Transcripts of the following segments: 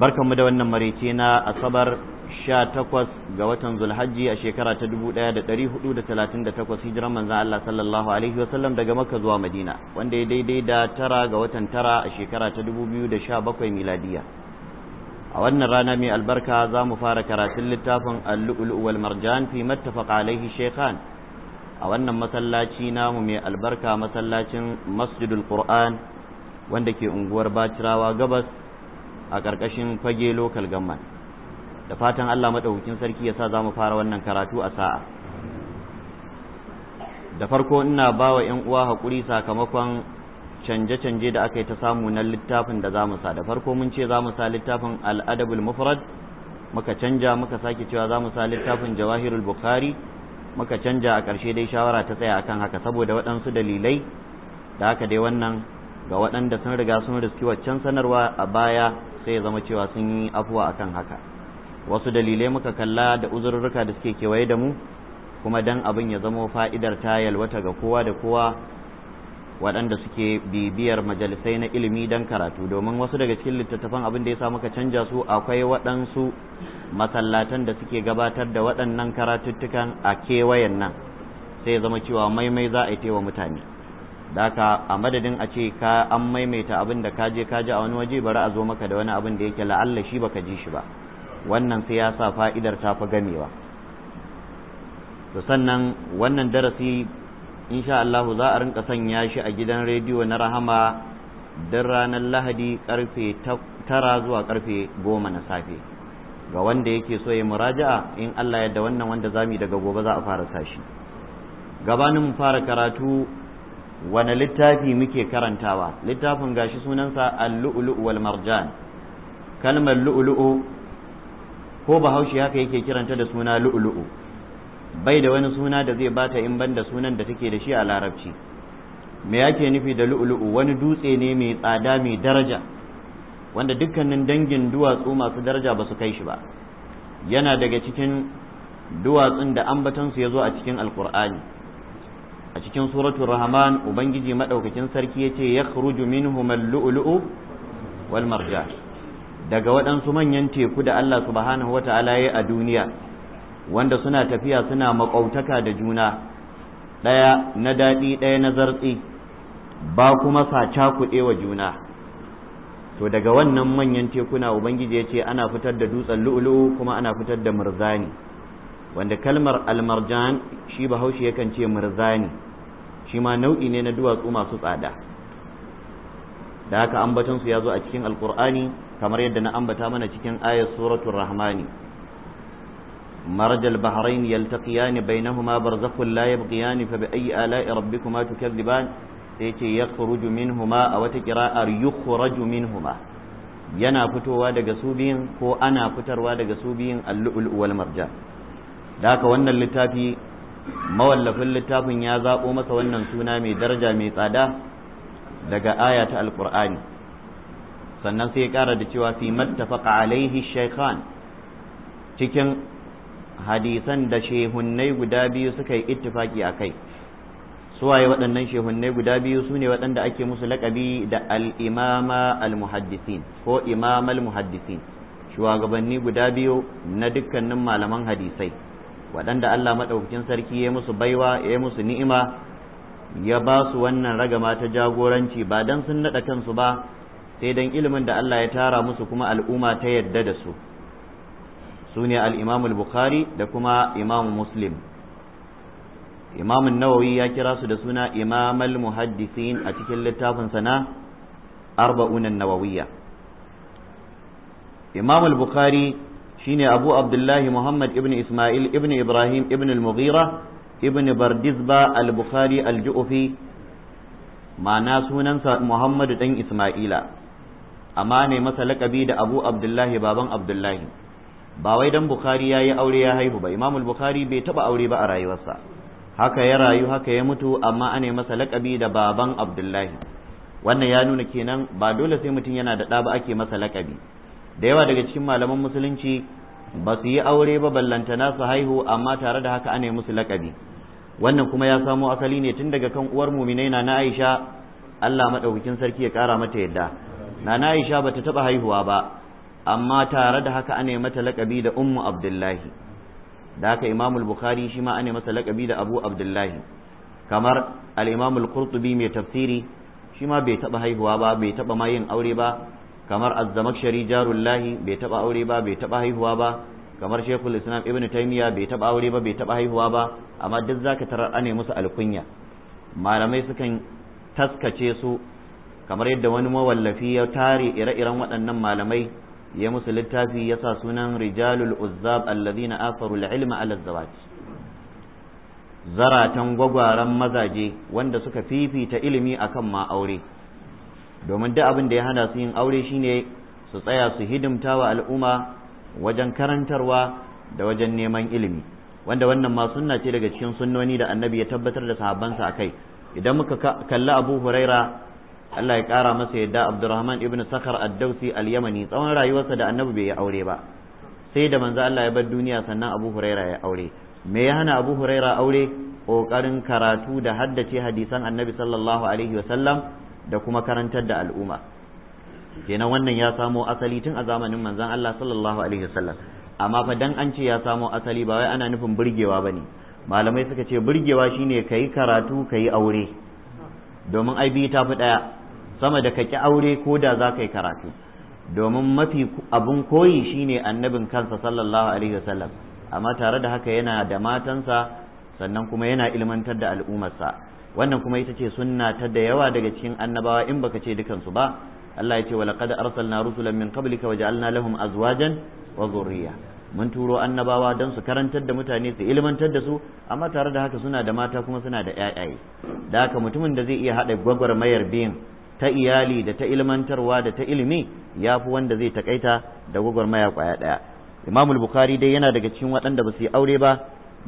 mu da wannan maraice na asabar 18 ga watan zulhajji a shekara ta 1438 hijiran manzan Allah sallallahu alaihi wasallam daga makka zuwa madina wanda ya daidai da tara ga watan tara a shekara ta 2017 miladiya a wannan rana mai albarka za mu fara karatun littafin al-lu'lu' wal marjan fi mattafaq alaihi shaykhan a wannan masallaci namu mai albarka masallacin masjidul qur'an wanda ke unguwar batirawa gabas a ƙarƙashin fage local government da fatan Allah maɗaukakin sarki ya sa za mu fara wannan karatu a sa'a da farko ina ba wa ‘yan uwa haƙuri sakamakon canje-canje da aka yi ta samu na littafin da za mu sa da farko mun ce za mu sa littafin al'adabul mufrad muka canja muka sake cewa za mu sa littafin jawahirul bukhari muka canja a ƙarshe dai shawara ta tsaya akan haka saboda waɗansu dalilai da haka dai wannan ga waɗanda sun riga sun riski waccan sanarwa a baya sai ya zama cewa sun yi afuwa a kan haka wasu dalilai muka kalla da uzurruka da suke kewaye da mu kuma dan abin ya zama fa'idar ta yalwata ga kowa da kowa waɗanda suke bibiyar majalisai na ilimi don karatu domin wasu daga cikin littattafan abin da ya sa muka canja su akwai waɗansu masallatan da suke gabatar da waɗannan karatuttukan a kewayen nan sai ya zama cewa maimai za a yi wa mutane daka a madadin a ce ka an maimaita abin da ka je ka ji a wani waje bari a zo maka da wani abin da yake la'alla shi baka ji shi ba wannan sai ya sa fa'idar ta fi gamewa to sannan wannan darasi insha Allah za a rinka sanya shi a gidan rediyo na rahama don ranar lahadi karfe tara zuwa karfe goma na safe ga wanda yake so ya muraja'a in Allah yadda wannan wanda zamu daga gobe za a fara sashi gabanin mu fara karatu wani littafi muke karantawa littafin gashi sunansa al-lu'lu' wal marjan kalmar lu'lu'u ko bahaushe haka yake kiranta da suna lu'lu'u bai da wani suna da zai bata in banda sunan da take da shi a larabci me yake nufi da lu'lu'u wani dutse ne mai tsada mai daraja wanda dukkanin dangin duwatsu masu daraja ba su kai shi ba yana daga cikin duwatsun da ambatansu ya zo a cikin alkur'ani a cikin suratul rahman ubangiji madaukakin sarki yace yakhruju minhum al-lu'lu'u wal marjan daga waɗansu manyan teku da Allah subhanahu wata'ala ya a duniya wanda suna tafiya suna makautaka da juna ɗaya na daɗi ɗaya na zartsi ba kuma saca kuɗewa juna to daga wannan manyan tekuna ubangiji ya ce ana fitar da dutsen lu'lu'u kuma ana fitar da murzani wanda kalmar almarjan shi bahaushe yakan ce murzani shi ma nau'i ne na duwatsu masu tsada da haka ambaton su ya zo a cikin alkur'ani kamar yadda na ambata mana cikin ayat suratul rahmani مرج البحرين يلتقيان بينهما برزخ لا يبغيان فبأي آلاء ربكما تكذبان سيتي يخرج منهما أو تقراء يخرج منهما yana fitowa daga su biyun ko ana fitarwa daga su biyun al-lu'lu' wal marjan da haka wannan littafi mawallafin littafin ya zaɓo masa wannan suna mai daraja mai tsada daga aya ta alƙur'ani sannan sai ya ƙara da cewa fi mattafaqa alaihi shaykhan cikin hadisan da shehunnai guda biyu suka yi ittifaki a kai suwaye waɗannan shehunnai guda biyu su ne waɗanda ake musu laƙabi da al'imama al-muhaddisin ko imamal al-muhaddisin shugabanni guda biyu na dukkanin malaman hadisai waɗanda Allah maɗaukakin sarki ya musu baiwa ya musu ni'ima ya ba su wannan ragama ta jagoranci ba dan sun naɗa kansu ba sai dan ilimin da Allah ya tara musu kuma al'umma ta yadda da su su ne al'imamul bukhari da kuma imamu muslim imamun nawawi ya kira su da suna imamal muhaddisin a cikin littafin sana arba'unan nawawiyya imamul bukhari shine abu abdullahi muhammad ibn isma'il ibn ibrahim ibn al-mughira ibn bardizba al-bukhari al-ju'fi ma'ana sunansa Muhammadu dan isma'ila amma ne masa laƙabi da abu abdullahi baban abdullahi ba wai dan bukhari yayi aure ya haihu ba imam al-bukhari bai taɓa aure ba a rayuwarsa haka ya rayu haka ya mutu amma ane masa lakabi da baban abdullahi wannan ya nuna kenan ba dole sai mutum yana da ɗa ba ake masa lakabi. da yawa daga cikin malaman musulunci ba su yi aure ba ballantana su haihu amma tare da haka ana musu lakabi wannan kuma ya samo asali ne tun daga kan uwar muminai na Aisha Allah maɗaukakin sarki ya kara mata yadda na Aisha bata taba haihuwa ba amma tare da haka ana mata lakabi da ummu Abdullahi da haka Imam bukhari shi ma ana masa lakabi da Abu Abdullahi kamar al-Imam mai tafsiri shi ma bai taba haihuwa ba bai taba ma yin aure ba kamar azzamakshari jarullahi bai taba aure ba bai taba haihuwa ba kamar shekul islam ibn taymiya bai taba aure ba bai taba haihuwa ba amma duk zaka tarar ane musu alkunya malamai sukan taskace su kamar yadda wani mawallafi ya tare ire-iren waɗannan malamai ya musu littafi ya sa sunan rijalul uzzab alladhina asaru al-ilma ala zawaj zaratan gwagwaran mazaje wanda suka fifita ilimi akan ma aure domin duk abin da ya hana su yin aure shine su tsaya su hidimta wa al'umma wajen karantarwa da wajen neman ilimi wanda wannan ma sunna ce daga cikin sunnoni da annabi ya tabbatar da a kai idan muka kalli abu huraira Allah ya kara masa yadda Abdurrahman ibn Sakhar ad-Dawsi al-Yamani tsawon rayuwarsa da annabi bai yi aure ba sai da manzo Allah ya bar duniya sannan Abu Huraira ya aure me ya hana Abu Huraira aure kokarin karatu da haddace hadisan annabi sallallahu alaihi sallam da kuma karantar da al'umma kenan wannan ya samo asali tun a zamanin manzon Allah sallallahu alaihi wasallam amma fa dan an ce ya samo asali ba wai ana nufin burgewa bane malamai suka ce burgewa shine kai karatu kai aure domin ai ta fi daya sama da kaki aure ko da za ka yi karatu domin mafi abun koyi shine annabin kansa sallallahu alaihi wasallam amma tare da haka yana da matansa sannan kuma yana ilmantar da al'ummarsa wannan kuma ita ce sunna ta da yawa daga cikin annabawa in baka ce dukansu ba Allah ya ce wa laqad arsalna rusulan min qablika wa ja'alna lahum azwajan wa dhurriyya mun turo annabawa don su karantar da mutane su ilmantar da su amma tare da haka suna da mata kuma suna da ƴaƴaye da haka mutumin da zai iya haɗa gwagwarmayar biyun ta iyali da ta ilmantarwa da ta ilimi ya fi wanda zai takaita da gwagwarmaya kwaya ɗaya imamul bukhari dai yana daga cikin waɗanda ba su yi aure ba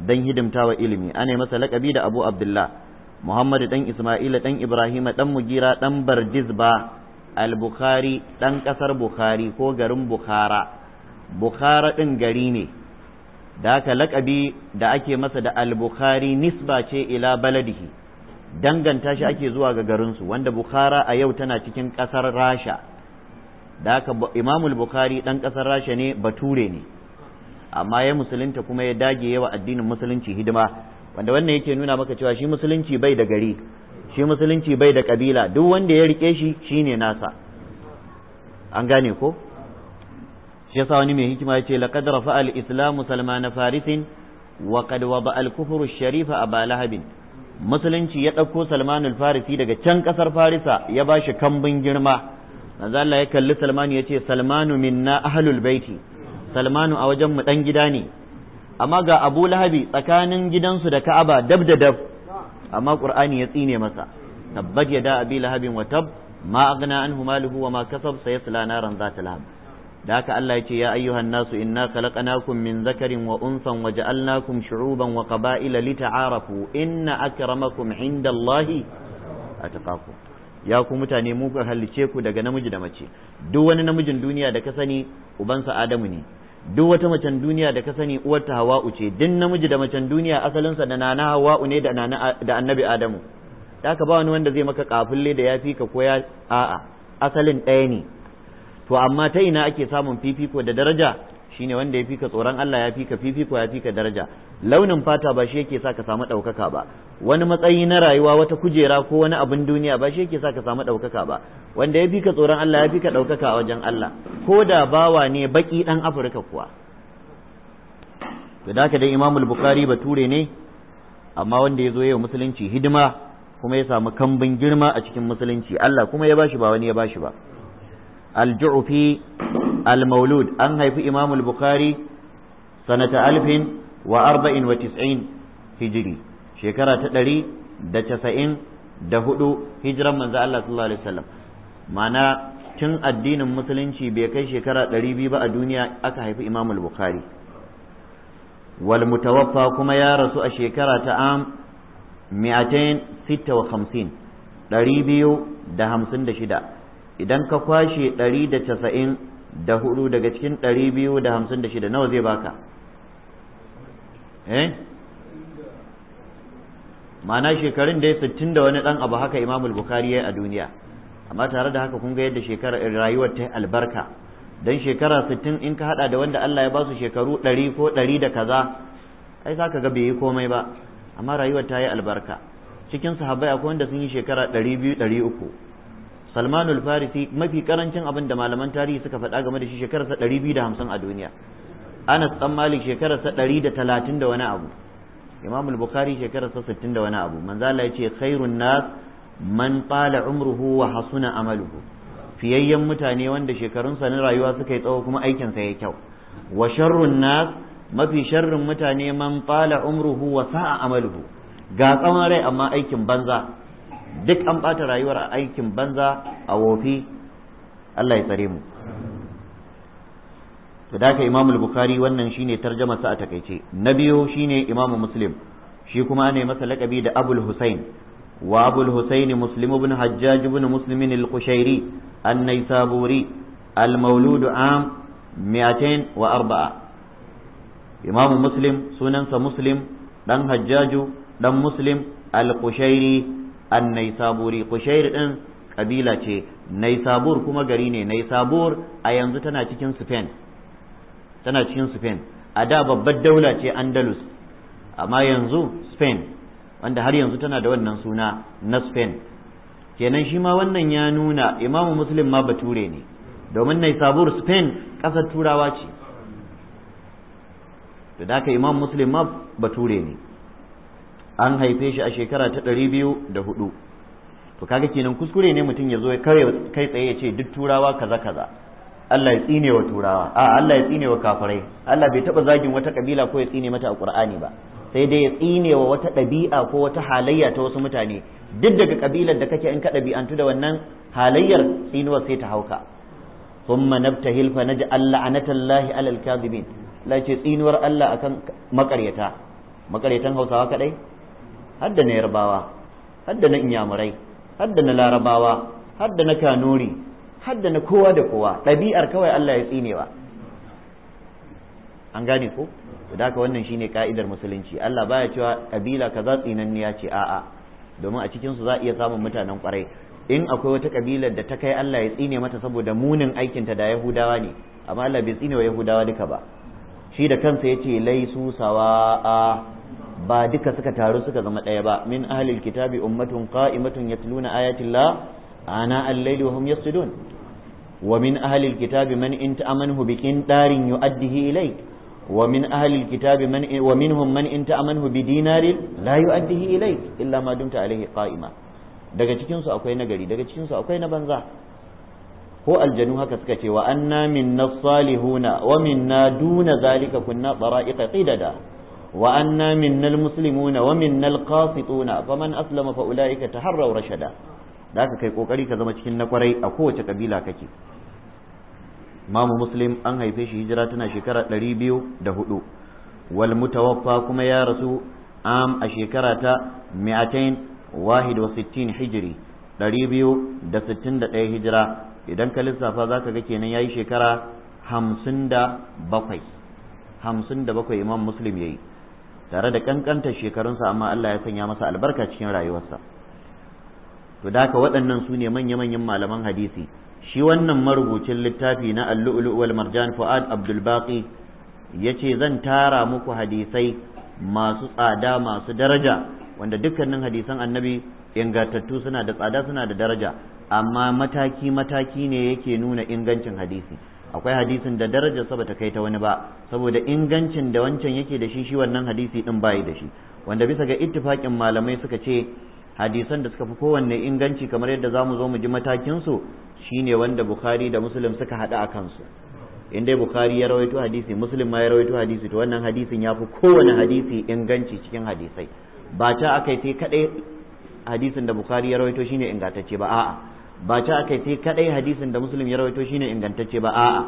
don hidimtawa ilimi ana masa laƙabi da abu abdullah Muhammadu dan Isma'ila dan Ibrahim dan Mugira dan Barjizba al-Bukhari dan ƙasar Bukhari ko garin Bukhara Bukhara ɗin gari ne da haka lakabi da ake masa da al-Bukhari nisba ce ila baladihi danganta shi ake zuwa ga garinsu wanda Bukhara a yau tana cikin ƙasar Rasha da haka Imamul Bukhari dan ƙasar Rasha ne bature ne amma ya musulunta kuma ya dage yawa addinin musulunci hidima wanda wannan yake nuna maka cewa shi musulunci bai da gari shi musulunci bai da kabila duk wanda ya rike shi shine nasa an gane ko shi yasa wani mai hikima ce laqad rafa'a al-islamu salman farisin wa qad waba al-kufru ash-sharifa aba lahabin musulunci ya ɗauko salman al-farisi daga can kasar farisa ya ba shi kambun girma manzo Allah ya kalli salman ya ce salmanu minna ahlul baiti salmanu a wajen mu dan gida ne amma ga abu lahabi tsakanin gidansu da ka'aba dab da dab amma qur'ani ya tsine masa tabbat yada abi lahabin wa tab ma aghna anhu maluhu wa ma kasab sayasla naran zata lahab da haka Allah ya ce ya ayyuhan nasu inna khalaqnakum min zakarin wa unsan wa ja'alnakum shu'uban wa qaba'ila lita'arafu inna akramakum indallahi atqakum ya ku mutane mu halice ku daga namiji da mace duk wani namijin duniya da ka sani ubansa Adamu ne duk wata macen duniya da ka sani uwarta hawa'u ce din namiji da macen duniya asalinsa da nana hawa'u ne da nana da annabi adamu da ka ba wani wanda zai maka kafulle da yafi ka koya a'a asalin ɗaya ne to amma ta ina ake samun fifiko da daraja shine wanda ya fika tsoron Allah ya fika fifiko ya fika daraja launin fata ba shi yake sa ka samu ɗaukaka ba wani matsayi na rayuwa wata kujera ko wani abin duniya ba shi yake sa ka samu ɗaukaka ba wanda ya fika tsoron Allah ya ka ɗaukaka a wajen Allah ko da bawa ne baki ɗan Afirka kuwa to da haka dai Imam Bukhari bature ne amma wanda ya zo yau musulunci hidima kuma ya samu kambin girma a cikin musulunci Allah kuma ya bashi ba wani ya bashi ba al-ju'fi al-maulud an haifi imam al-bukhari sanata alfin wa arba'in wa tis'in hijiri shekara ta ɗari da casa'in da hudu hijiran manzo Allah sallallahu alaihi wasallam ma'ana tun addinin musulunci bai kai shekara ɗari biyu ba a duniya aka haifi imam al-bukhari wal mutawaffa kuma ya rasu a shekara ta am mi'atain sitta wa hamsin ɗari biyu da hamsin da shida idan ka kwashe ɗari da casa'in da hudu daga cikin ɗari biyu da hamsin da shida nawa zai baka eh ma'ana shekarun da sittin da wani ɗan abu haka imamul bukari ya yi a duniya amma tare da haka kun ga yadda shekarar eh, rayuwar ta albarka don shekara sittin in ka hada da wanda Allah ya ba su shekaru ɗari ko ɗari da kaza ai za ka ga bai yi komai ba amma rayuwar ta yi albarka cikin sahabbai akwai wanda sun yi shekara ɗari biyu ɗari uku salman al-farisi mafi karancin abin da malaman tarihi suka faɗa game da shi shekararsa 250 a duniya anas dan malik shekararsa 130 da wani abu imam al-bukhari shekararsa 60 da wani abu manzo Allah ya ce khairun nas man tala umruhu wa hasuna amaluhu fiyayyen mutane wanda shekarunsa na rayuwa suka yi tsawo kuma aikin sa ya kyau wa sharrun nas mafi sharrin mutane man tala umruhu wa sa'a amaluhu ga tsawon rai amma aikin banza duk an ɓata rayuwar a aikin banza a wofi Allah ya tsare mu to da Imam bukhari wannan shine tarjama sa a takaice na biyu shine Imam Muslim shi kuma ne masa lakabi da Abul Husain wa Abul Husain Muslim ibn Hajjaj ibn Muslim al-Qushairi an-Naisaburi al-Mawlud am 204 Imam Muslim sunansa Muslim dan Hajjaju dan Muslim al-Qushairi annaisaburi kushair din kabila ce naisabur kuma gari ne naisabur a yanzu tana cikin spain tana cikin spain a da babbar daula ce andalus amma yanzu spain wanda har yanzu tana da wannan suna na spain kenan shi ma wannan ya nuna imamu muslim ma bature ne domin naisabur spain ƙasar turawa ce da haka imam muslim ma bature ne an haife shi a shekara ta ɗari biyu da hudu to kaga kenan kuskure ne mutum ya zo kai tsaye ya ce duk turawa kaza kaza Allah ya tsine wa turawa a Allah ya tsine wa kafirai Allah bai taba zagin wata kabila ko ya tsine mata a Qur'ani ba sai dai ya tsine wa wata ɗabi'a ko wata halayya ta wasu mutane duk daga kabilar da kake in ka ɗabi'antu da wannan halayyar tsinuwar sai ta hauka thumma nabtahil fa naj'al la'natallahi 'alal kadhibin ya ce tsinuwar Allah akan makaryata makaryatan Hausawa kaɗai. hadda na yarbawa hadda na inyamurai hadda na larabawa hadda na kanuri hadda na kowa da kowa ɗabi'ar kawai Allah ya tsinewa an gane ko da haka wannan shine ka'idar musulunci Allah baya cewa kabila kaza tsinanniya ce a'a domin a cikin su za a iya samun mutanen kwarai in akwai wata kabilar da ta kai Allah ya tsine mata saboda munin aikinta da Yahudawa ne amma Allah bai tsinewa wa Yahudawa duka ba shi da kansa yace laisu sawa'a ba duka suka taru suka zama ɗaya ba min ahlil kitabi ummatun qa'imatun yatluna ayatillah ana al-layli wa hum yasjudun wa min ahlil kitabi man in ta'amanhu bi qintarin yu'addihi ilayk wa min ahlil kitabi man wa minhum man in ta'amanhu bi dinarin la yu'addihi ilayk illa ma dumta alayhi qa'ima daga cikin su akwai nagari daga cikin su akwai na banza ko aljanu haka suka ce wa anna minna salihuna wa minna duna zalika kunna bara'iqa qidada wa anna minnal muslimuna wa minnal qasituna faman aslama fa ulaika taharraw rashada da ka kai kokari ka zama cikin na kwarai a kowace kabila kake Mamu muslim an haife shi hijira tana shekara ɗari biyu da hudu wal mutawaffa kuma ya rasu am a shekara ta mi'atain wahid wa sittin hijiri ɗari biyu da sittin da ɗaya hijira idan ka lissafa za ka ga kenan ya yi shekara hamsin da bakwai hamsin da bakwai imam muslim ya yi tare da kankanta shekarunsa amma Allah ya sanya masa albarka cikin rayuwarsa to da haka waɗannan su ne manya-manyan malaman hadisi shi wannan marubucin littafi na al-lu'lu' wal marjan fu'ad abdul baqi yace zan tara muku hadisai masu tsada masu daraja wanda dukkanin hadisan annabi ingantattu suna da tsada suna da daraja amma mataki mataki ne yake nuna ingancin hadisi akwai hadisin da darajar sa bata kai ta wani ba saboda ingancin da wancan yake da shi shi wannan hadisi din bayi da shi wanda bisa ga ittifakin malamai suka ce hadisan da suka fi kowanne inganci kamar yadda zamu zo mu ji matakin su shine wanda bukhari da muslim suka hada a kansu in dai bukhari ya rawaito hadisi muslim ma ya rawaito hadisi to wannan hadisin ya fi kowane hadisi inganci cikin hadisai ba ta akai sai kadai hadisin da bukhari ya rawaito shine ingantacce ba a'a ba ta aka yi kadai hadisin da muslim ya rawaito shine ingantacce ba a'a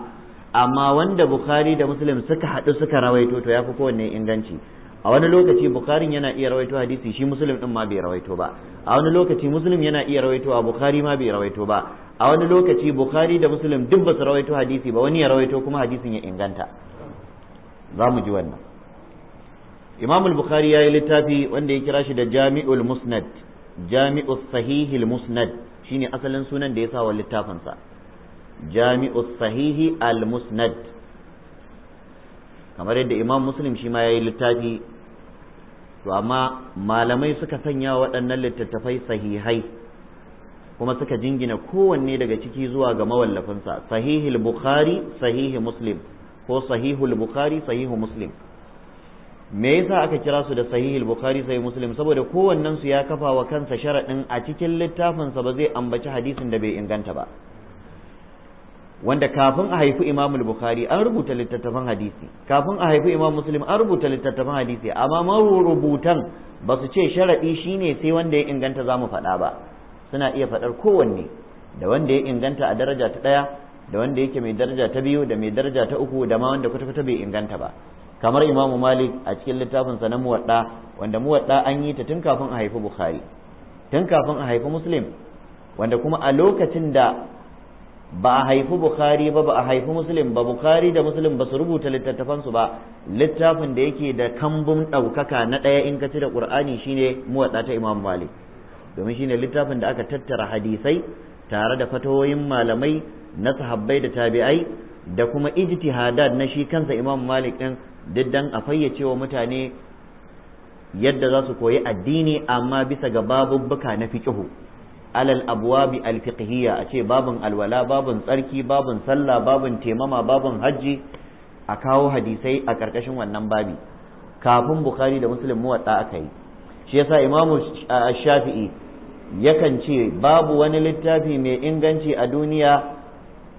amma wanda bukhari da muslim suka haɗu suka rawaito to ya fi kowanne inganci a wani lokaci bukharin yana iya rawaito hadisi shi muslim din ma bai rawaito ba a wani lokaci muslim yana iya rawaito a bukhari ma bai rawaito ba a wani lokaci bukhari da muslim duk ba su rawaito hadisi ba wani ya rawaito kuma hadisin ya inganta za mu ji wannan imam bukhari ya yi littafi wanda ya kira shi da jami'ul musnad Jami'us sahihil musnad shine asalin sunan da ya sa wa littafinsa jami'u sahihi al-musnad kamar yadda imam muslim shi ma ya yi littafi to amma malamai suka sanya waɗannan littattafai sahihai kuma suka jingina kowanne daga ciki zuwa ga mawallafinsa sahihul bukhari sahihi muslim ko sahihul bukhari sahihu muslim me yasa aka kira su da sahihul bukhari sai muslim saboda kowannen su ya kafa wa kansa sharadin a cikin littafin sa ba zai ambaci hadisin da bai inganta ba wanda kafin a haifi imamul bukhari an rubuta littattafan hadisi kafin a haifi imam muslim an rubuta littattafan hadisi amma marubutan ba su ce sharadi shine sai wanda ya inganta zamu faɗa ba suna iya faɗar kowanne da wanda ya inganta a daraja ta ɗaya da wanda yake mai daraja ta biyu da mai daraja ta uku da ma wanda kwata-kwata bai inganta ba kamar imamu malik a cikin littafin sa na muwadda wanda muwadda an yi ta tun kafin a haifi bukhari tun kafin a haifi muslim wanda kuma a lokacin da ba a haifi bukhari ba ba a haifi muslim ba bukhari da muslim ba su rubuta littattafansu ba littafin da yake da kambun ɗaukaka na ɗaya in ka ci da qur'ani shine muwadda ta imamu malik domin shine littafin da aka tattara hadisai tare da fatawoyin malamai na sahabbai da tabi'ai da kuma ijtihadat na shi kansa imamu malik din duk dan a fayyace wa mutane yadda za su koyi addini amma bisa ga babubbuka na fiqihu alal abwabi alfiqhiyya a ce babun alwala babun tsarki babun sallah babun temama babun hajji a kawo hadisai a karkashin wannan babi kafin bukhari da muslim muwatta aka yi shi yasa imamu shafi'i yakan ce babu wani littafi mai inganci a duniya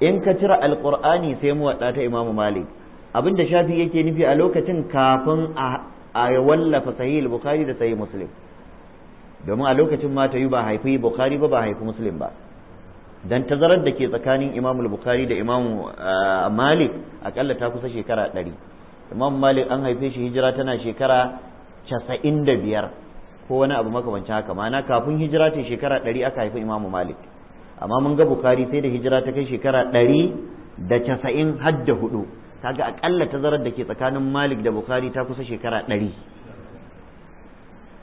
in ka cire alqur'ani sai muwatta ta imamu malik abin da shafi yake nufi a lokacin kafin a wallafa sahih bukhari da sahih muslim domin a lokacin ma ta ba haifi bukhari ba ba haifi muslim ba dan tazarar da ke tsakanin imam bukhari da imam ah, malik akalla ta kusa shekara ɗari imam malik an haife shi hijira tana shekara casa'in da biyar ko wani abu makamancin haka mana kafin hijira ta shekara ɗari aka haifi imam malik amma mun ga bukhari sai da hijira ta kai shekara ɗari da casa'in hadda hudu kaga akalla tazarar da ke tsakanin malik da bukhari ta kusa shekara ɗari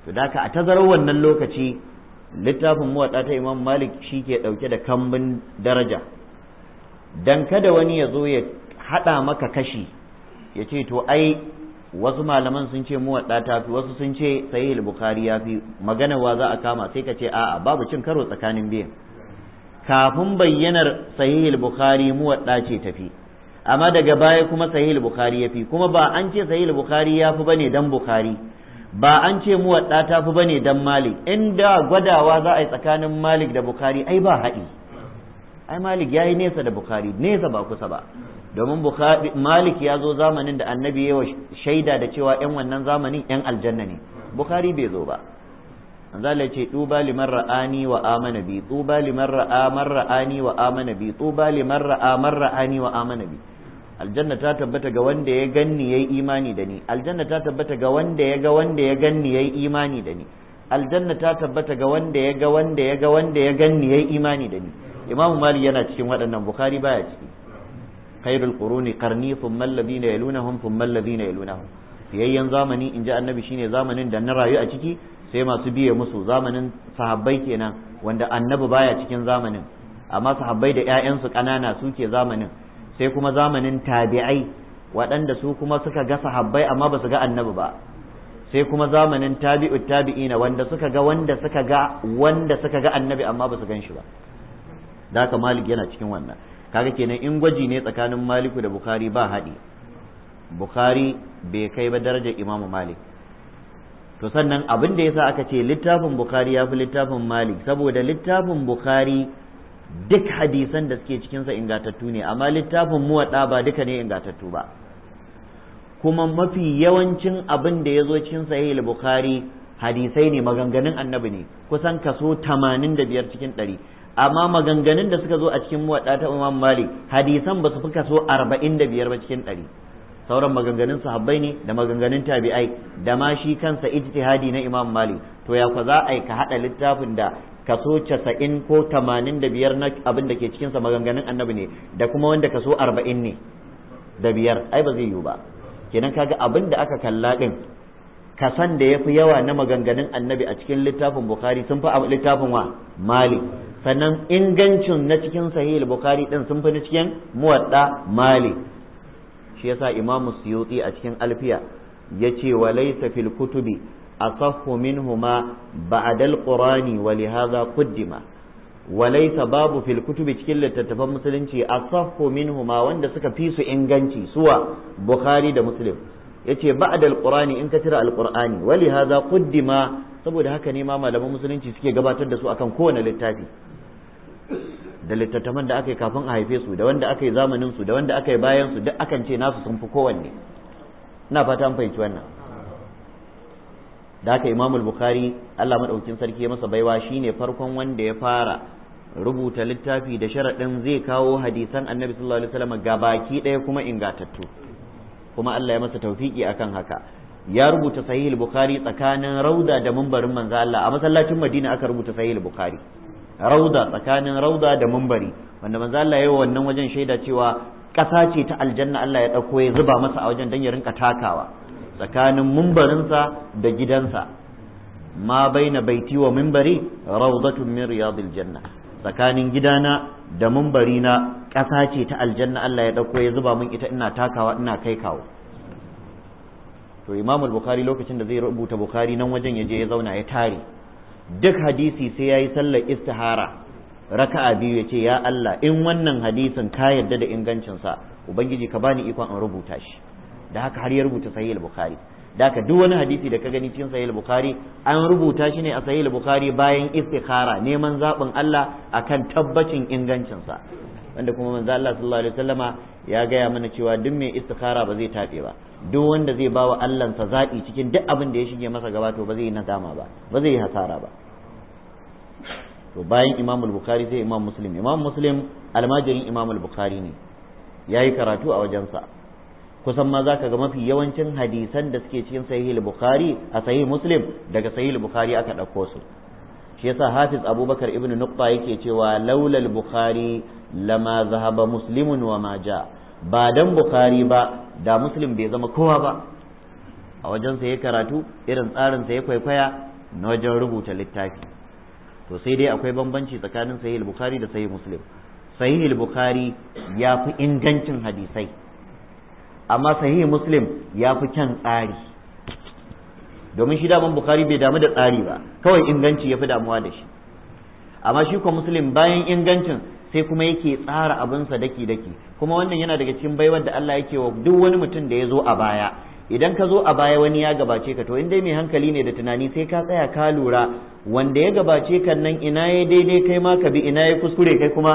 to da a tazarar wannan lokaci littafin muwaɗa ta imam malik shi ke ɗauke da kambin daraja dan kada wani ya zo ya haɗa maka kashi ya ce to ai wasu malaman sun ce muwaɗa ta fi wasu sun ce sahih bukhari ya fi magana wa za a kama sai ka ce a'a babu cin karo tsakanin biyan kafin bayyanar sahih bukhari muwaɗa ce tafi amma daga baya kuma sahih bukhari yafi kuma ba an ce sahih bukhari yafi bane dan bukhari ba an ce wadda ta fi bane dan malik inda gwadawa za a yi tsakanin malik da bukhari ai ba haɗi ai malik yayi nesa da bukhari nesa ba kusa ba domin malik ya zo zamanin da annabi yawa shaida da cewa yan wannan zamanin yan aljanna ne bukhari bai zo ba manzala ce tuba liman ra'ani wa amana bi tuba liman ra'a man ra'ani wa amana bi tuba liman ra'a man ra'ani wa amana bi aljanna ta tabbata ga wanda ya ganni yayi imani da ni aljanna ta tabbata ga wanda ya ga wanda ya ganni yayi imani da ni aljanna ta tabbata ga wanda ya ga wanda ya ga wanda ya ganni yayi imani da ni imamu mali yana cikin waɗannan bukhari baya ciki khairul quruni qarni thumma alladhina yalunahum thumma alladhina yalunahum fiyayyen zamani in ji annabi shine zamanin da na rayu a ciki sai masu biye musu zamanin sahabbai kenan wanda annabi baya cikin zamanin amma sahabbai da 'ya'yansu ƙanana suke zamanin sai kuma zamanin tabi'ai waɗanda su kuma suka ga sahabbai amma ba su ga annabi ba sai kuma zamanin tabi'ut tabi'ina wanda suka ga wanda suka ga wanda suka ga annabi amma ba su gan shi ba da haka malik yana cikin wannan kaga kenan in gwaji ne tsakanin maliku da bukhari ba haɗi bukhari bai kai ba darajar imamu malik to sannan abin da yasa aka ce littafin bukhari ya fi littafin malik saboda littafin bukhari duk hadisan da suke cikinsa ingatattu ne amma littafin muwaɗa ba duka ne ingatattu ba kuma mafi yawancin abin da ya zo cikin sahih bukhari hadisai ne maganganun annabi ne kusan kaso tamanin cikin 100 amma maganganun da suka zo a cikin muwaɗa ta imam malik hadisan ba su fi kaso arba'in da biyar ba cikin 100 sauran maganganun sahabbai ne da maganganun tabi'ai da ma shi kansa ijtihadi na imam malik to ya kwa za a ka haɗa littafin da kaso casa'in ko tamanin da biyar na abin da ke cikinsa maganganun annabi ne da kuma wanda kaso arba'in ne da biyar ai ba zai yiwu ba kenan kaga abin da aka kalla din kasan da yafi yawa na maganganun annabi a cikin littafin bukhari sun fi littafin wa mali sannan ingancin na cikin sahih bukhari din sun fi na cikin muwadda mali shi yasa imamu suyuti a cikin alfiya yace wa laysa fil kutubi أصف منهما بعد القرآن ولهذا قدم وليس باب في الكتب كل تتفهم مسلمتي أصف منهما وند سك فيس إنجنتي سوى بخاري دا مسلم yace ba'dal qur'ani in ka tira alqur'ani wali hadha quddima saboda haka ne ma malaman musulunci suke gabatar da su akan kowane littafi da littattafan da aka yi kafin a haife su da wanda aka yi zamanin su da wanda aka yi bayan duk akan ce nasu sun fi kowanne ina fata an fahimci wannan da haka Imam Bukhari Allah maɗaukin sarki ya masa baiwa shine farkon wanda ya fara rubuta littafi da sharadin zai kawo hadisan Annabi sallallahu alaihi wasallam gabaki daya kuma ingantattu kuma Allah ya masa tawfiki akan haka ya rubuta sahih bukhari tsakanin rauda da mumbarin manzo Allah a masallacin Madina aka rubuta sahih bukhari rauda tsakanin rauda da mumbari wanda manzo Allah ya wannan wajen shaida cewa ƙasa ce ta aljanna Allah ya ɗauko ya zuba masa a wajen don ya rinka takawa tsakanin mumbarinsa da gidansa ma baina baiti wa mimbari rawdatun min riyadil janna tsakanin gidana da mumbari na ƙasa ce ta aljanna Allah ya dauko ya zuba min ita ina takawa ina kai kawo to Imam al-Bukhari lokacin da zai rubuta Bukhari nan wajen ya je ya zauna ya tare duk hadisi sai yayi sallar istihara raka'a biyu ya ce ya Allah in wannan hadisin ka yarda da ingancinsa ubangiji ka bani ikon in rubuta shi da haka har ya rubuta sahih al-bukhari da haka duk wani hadisi da ka gani cikin sahih al-bukhari an rubuta shi ne a sahih al-bukhari bayan istikhara neman zaɓin Allah akan tabbacin ingancinsa wanda kuma manzo Allah sallallahu alaihi wasallama ya gaya mana cewa duk mai istikhara ba zai tabe ba duk wanda zai bawa Allah sa zaɓi cikin duk abin da ya shige masa gaba to ba zai yi nadama ba ba zai yi hasara ba to bayan Imam al-Bukhari sai Imam Muslim Imam Muslim almajirin Imam al-Bukhari ne yayi karatu a wajensa kusan ma zaka ga mafi yawancin hadisan da suke cikin sahih bukhari a sahih muslim daga sahih bukhari aka ɗauko su shi yasa hafiz abubakar ibnu nuqba yake cewa laulal bukhari lama zahaba muslimun wa ma ja ba dan bukhari ba da muslim bai zama kowa ba a wajen sa ya karatu irin tsarin sa ya kwaikwaya na wajen rubuta littafi to sai dai akwai bambanci tsakanin sahih bukhari da sahih muslim sahih bukhari ya fi ingancin hadisai amma sahihi muslim ya fi kyan tsari domin shi daman bukari bai damu da tsari ba kawai inganci ya fi damuwa da shi amma shi kuma muslim bayan ingancin sai kuma yake tsara abinsa daki daki kuma wannan yana daga cikin baiwar da Allah yake wa duk wani mutum da ya zo a baya idan ka zo a baya wani ya gabace ka to in dai mai hankali ne da tunani sai ka tsaya ka lura wanda ya gabace ka nan ina ya daidai kai ma ka bi ina ya kuskure kai kuma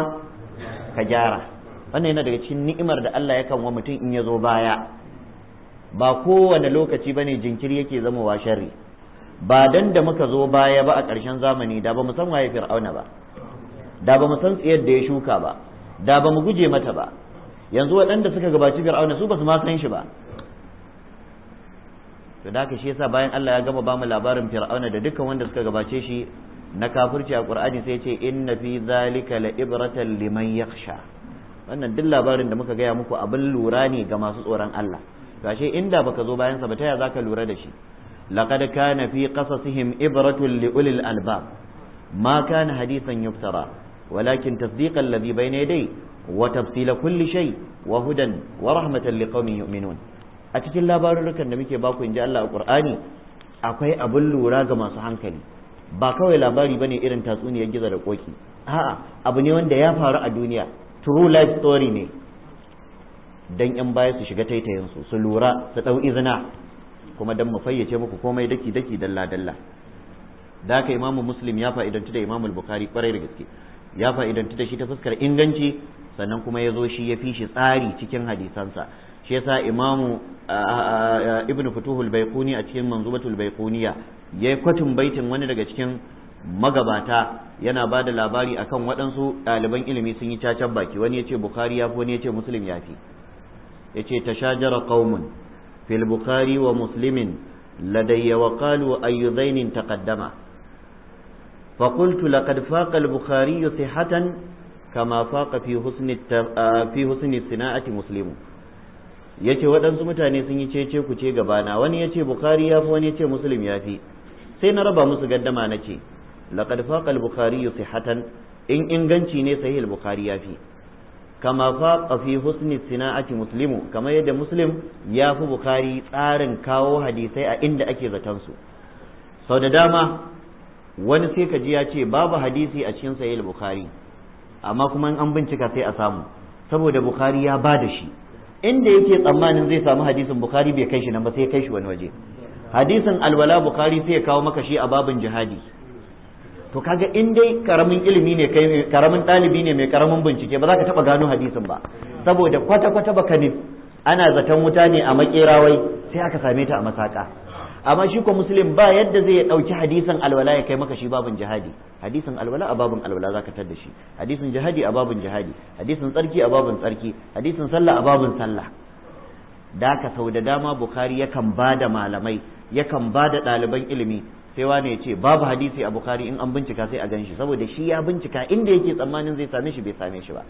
ka gyara wannan yana daga cikin ni'imar da Allah yakan wa mutum in ya zo baya ba kowane lokaci ba ne jinkiri yake zama wa sharri ba dan da muka zo baya ba a ƙarshen zamani da ba mu san waye fir'auna ba da ba mu san tsiyar da ya shuka ba da ba mu guje mata ba yanzu waɗanda suka gabaci fir'auna su ba su ma san shi ba to da haka shi yasa bayan Allah ya gama ba mu labarin fir'auna da dukkan wanda suka gabace shi na kafirci a qur'ani sai ya ce inna fi zalika la ibratan liman yakhsha wannan duk labarin da muka gaya muku abin lura ne ga masu tsoron Allah gashe inda baka zo bayan sa ba zaka lura da shi laqad kana fi qasasihim ibratun li ulil albab ma kana hadithan yuftara walakin tasdiqan alladhi bayna yaday wa tafsila kulli shay wa hudan wa rahmatan liqaumin yu'minun a cikin labarurukan da muke baku inji Allah a Qur'ani akwai abin lura ga masu hankali ba kawai labari bane irin tatsuniyar gizo da koki a'a abu ne wanda ya faru a duniya true life story ne dan yan baya su shiga taitayin su su lura su dau izina kuma dan mu fayyace muku komai daki daki dalla dalla da ka imamu muslim ya fa'idanci da imamu bukhari kwarai da gaske ya fa'idanci da shi ta fuskar inganci sannan kuma ya zo shi ya fi shi tsari cikin hadisansa shi yasa imamu ibnu futuhul baiquni a cikin manzubatul baiquniya yayi kwatun baitin wani daga cikin magabata yana ba da labari akan waɗansu ɗaliban ilimi sun yi cacen baki wani ya ce bukhari ya fi wani ya ce muslim ya fi ya ce ta shajara ƙaumin fil bukari wa Musulmin ladayya wa qalu ayyu zainin taqaddama fa qultu laqad faqa al bukhari sihatan kama faqa fi husni fi husni ya ce waɗansu mutane sun yi cece ku ce gabana wani ya ce bukhari ya fi wani ya ce muslim ya fi sai na raba musu gaddama na ce laqad faqa al-bukhari sihatan in inganci ne sahih al ya yafi kama faqa fi husni sina'ati muslimu kama yadda muslim ya fi bukhari tsarin kawo hadisai a inda ake zaton su sau da dama wani sai ka ji ya ce babu hadisi a cikin sahih al-bukhari amma kuma in an bincika sai a samu saboda bukhari ya ba da shi inda yake tsammanin zai samu hadisin bukhari bai kai shi nan ba sai ya kai shi wani waje hadisin alwala bukhari sai ya kawo maka shi a babin jihadi to kaga in dai karamin ilimi ne kai karamin ɗalibi ne mai karamin bincike ba za ka taɓa gano hadisin ba saboda kwata kwata baka ne ana zaton wuta ne a wai sai aka same ta a masaka amma shi ko muslim ba yadda zai ya ɗauki hadisin alwala ya kai maka shi babin jihadi hadisin alwala a babin alwala za ka tar da shi hadisin jihadi a babin jihadi hadisin tsarki a babin tsarki hadisin sallah a babin sallah da ka sau da dama bukari yakan ba da malamai yakan ba da ɗaliban ilimi sai wani ya ce babu hadisi a bukari in an bincika sai a gan shi saboda shi ya bincika inda yake tsammanin zai same shi bai same shi ba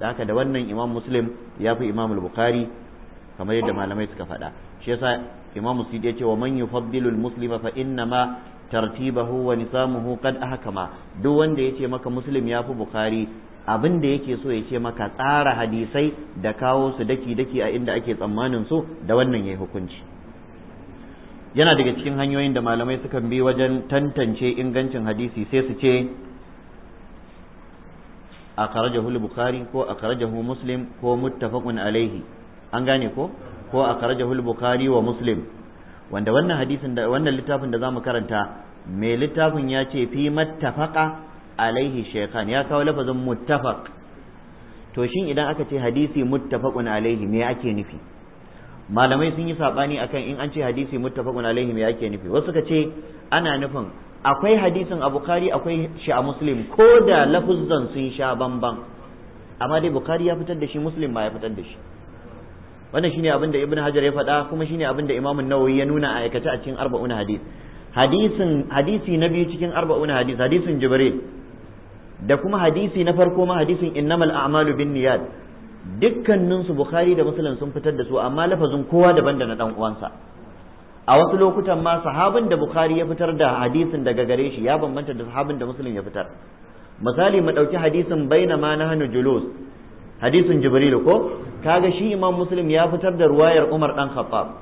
da haka da wannan imam muslim ya fi imam bukari kamar yadda malamai suka faɗa shi yasa imam sidi ya ce wa man yufaddilu muslima fa inna ma tartibahu wa nisamuhu qad ahkama duk wanda yace maka muslim ya fi bukari abin da yake so ya ce maka tsara hadisai da kawo su daki daki a inda ake tsammanin su da wannan yayi hukunci yana daga cikin hanyoyin da malamai sukan bi wajen tantance ingancin hadisi sai su ce a karajahu bukhari ko a karajahu muslim ko muttafaqun alaihi an gane ko ko a karajahu bukhari wa muslim wanda wannan hadisin da wannan littafin da zamu karanta mai littafin ya ce fi muttafaqa alaihi shaykhan ya kawo lafazin muttafaq to shin idan aka ce hadisi muttafaqun alaihi me ake nufi malamai sun yi sabani akan in an ce hadisi muttafaqun alaihi me yake nufi wasu ka ce ana nufin akwai hadisin a bukhari akwai shi a muslim ko da lafuzzan sun sha bamban amma dai bukhari ya fitar da shi muslim ma ya fitar da shi wannan shine abin da ibnu hajar ya faɗa kuma shine abin da imamu nawawi ya nuna a aikace a cikin arba'un hadis hadisin hadisi na biyu cikin arba'un hadis hadisin jibril da kuma hadisi na farko ma hadisin innamal a'malu binniyat dukkaninsu bukhari da muslim sun fitar da su amma lafazin kowa daban da na dan uwansa a wasu lokutan ma sahabin da bukhari ya fitar da hadisin daga gare shi ya bambanta da sahabin da muslim ya fitar misali mu ɗauki hadisin baina ma na hannu julus hadisin Jibril ko kaga shi imam muslim ya fitar da ruwayar umar dan khattab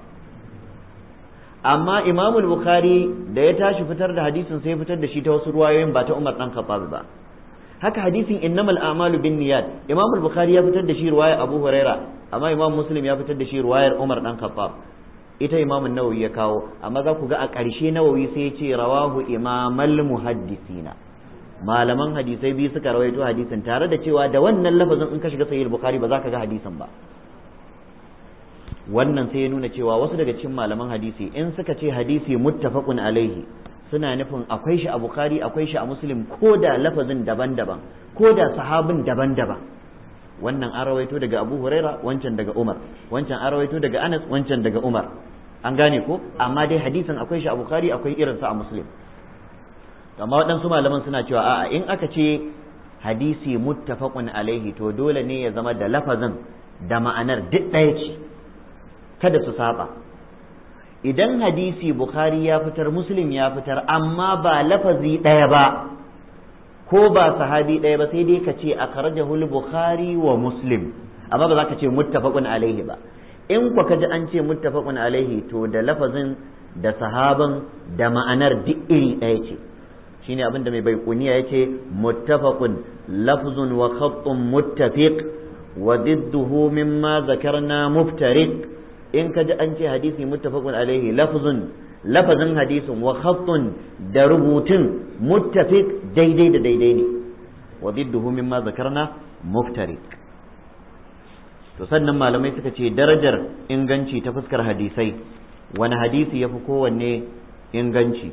amma imamul bukhari da ya tashi fitar da hadisin sai fitar da shi ta wasu ruwayoyin ba ta umar dan khattab ba haka hadisin innamal a'malu Niyat, imam al-bukhari ya fitar da shi riwayar abu huraira amma imam muslim ya fitar da shi riwayar umar dan khattab ita imam nawawi ya kawo amma za ku ga a ƙarshe nawawi sai ya ce rawahu imamal muhaddisina malaman hadisai biyu suka rawaito hadisin tare da cewa da wannan lafazin in ka shiga sahih bukhari ba za ka ga hadisin ba wannan sai ya nuna cewa wasu daga cikin malaman hadisi in suka ce hadisi muttafaqun alaihi suna nufin akwai shi a bukhari akwai shi a muslim ko da lafazin daban-daban ko da sahabin daban-daban wannan an rawaito daga abu huraira wancan daga umar wancan an rawaito daga anas wancan daga umar an gane ko amma dai hadisin akwai shi a bukhari akwai sa a muslim amma waɗansu malaman suna cewa a'a in aka ce hadisi muttafaqun alaihi to dole ne ya zama da lafazin da ma'anar duk ɗaya ce kada su saba idan hadisi bukhari ya fitar muslim ya fitar amma ba lafazi ɗaya ba ko ba sahabi ɗaya ba sai dai ka ce a karajahul bukhari wa muslim amma ba za ka ce muttafaqun alaihi ba in ka ji an ce muttafaqun alaihi to da lafazin da sahaban da ma'anar duk iri ɗaya ce shine abinda mai baikuniya yace muttafaqun lafzun wa khattun muttafiq wa didduhu mimma zakarna muftariq in ka ji an ce hadisi muttafaqun alaihi lafzun lafazin hadisin wa khattun da rubutun muttafiq daidai da daidai ne wa didduhu mimma zakarna muftariq to sannan malamai suka ce darajar inganci ta fuskar hadisai wani hadisi yafi kowanne inganci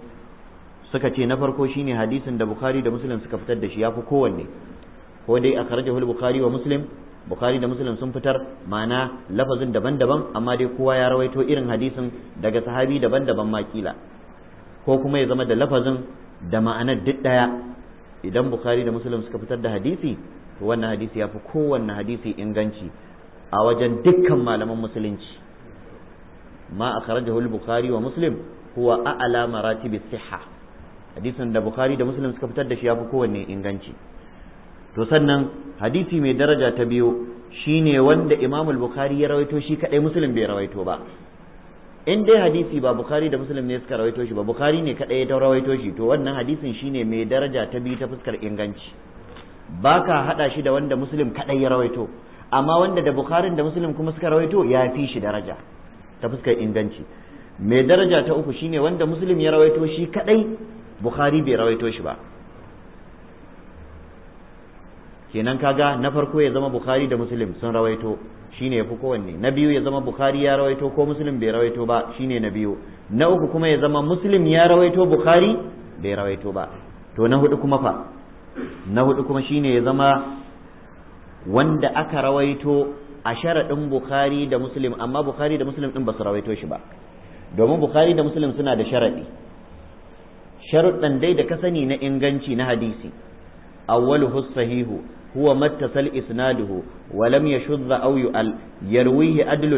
suka ce na farko shine hadisin da bukhari da muslim suka fitar da shi yafi kowanne ko dai akhrajahu al-bukhari wa muslim bukhari da muslim sun fitar ma'ana lafazin daban-daban amma dai kowa ya rawaito irin hadisin daga sahabi daban-daban ma ko kuma ya zama da lafazin da ma'anar duk daya idan bukhari da muslim suka fitar da hadisi to wannan hadisi ya fi kowanne hadisi inganci a wajen dukkan malaman musulunci ma akhrajahu al-bukhari wa muslim huwa a'la maratib sihha hadisin da bukhari da muslim suka fitar da shi ya fi kowanne inganci to sannan hadisi mai daraja ta biyu shine wanda Imam al-Bukhari ya rawaito shi kadai Muslim bai rawaito ba in dai hadisi ba Bukhari da Muslim ne suka rawaito shi ba Bukhari ne kadai ya rawaito shi to wannan hadisin shine mai daraja ta biyu ta fuskar inganci baka hada shi da wanda Muslim kadai ya rawaito amma wanda da Bukharin da Muslim kuma suka rawaito ya fi shi daraja ta fuskar inganci mai daraja ta uku shine wanda Muslim ya rawaito shi kadai Bukhari bai rawaito shi ba kenan kaga na farko ya zama bukhari da muslim sun rawaito shine yafi kowanne na biyu ya zama bukhari ya rawaito ko muslim bai rawaito ba shine na biyu na uku kuma ya zama muslim ya rawaito bukhari bai rawaito ba to na hudu kuma fa na hudu kuma shine ya zama wanda aka rawaito a sharaɗin bukhari da muslim amma bukhari da muslim din ba su rawaito shi ba domin bukhari da muslim suna da sharaɗi sharuɗan dai da ka sani na inganci na hadisi awwaluhu sahihu هو ما اتصل wa ولم يشذ aw yu'al يرويه عدل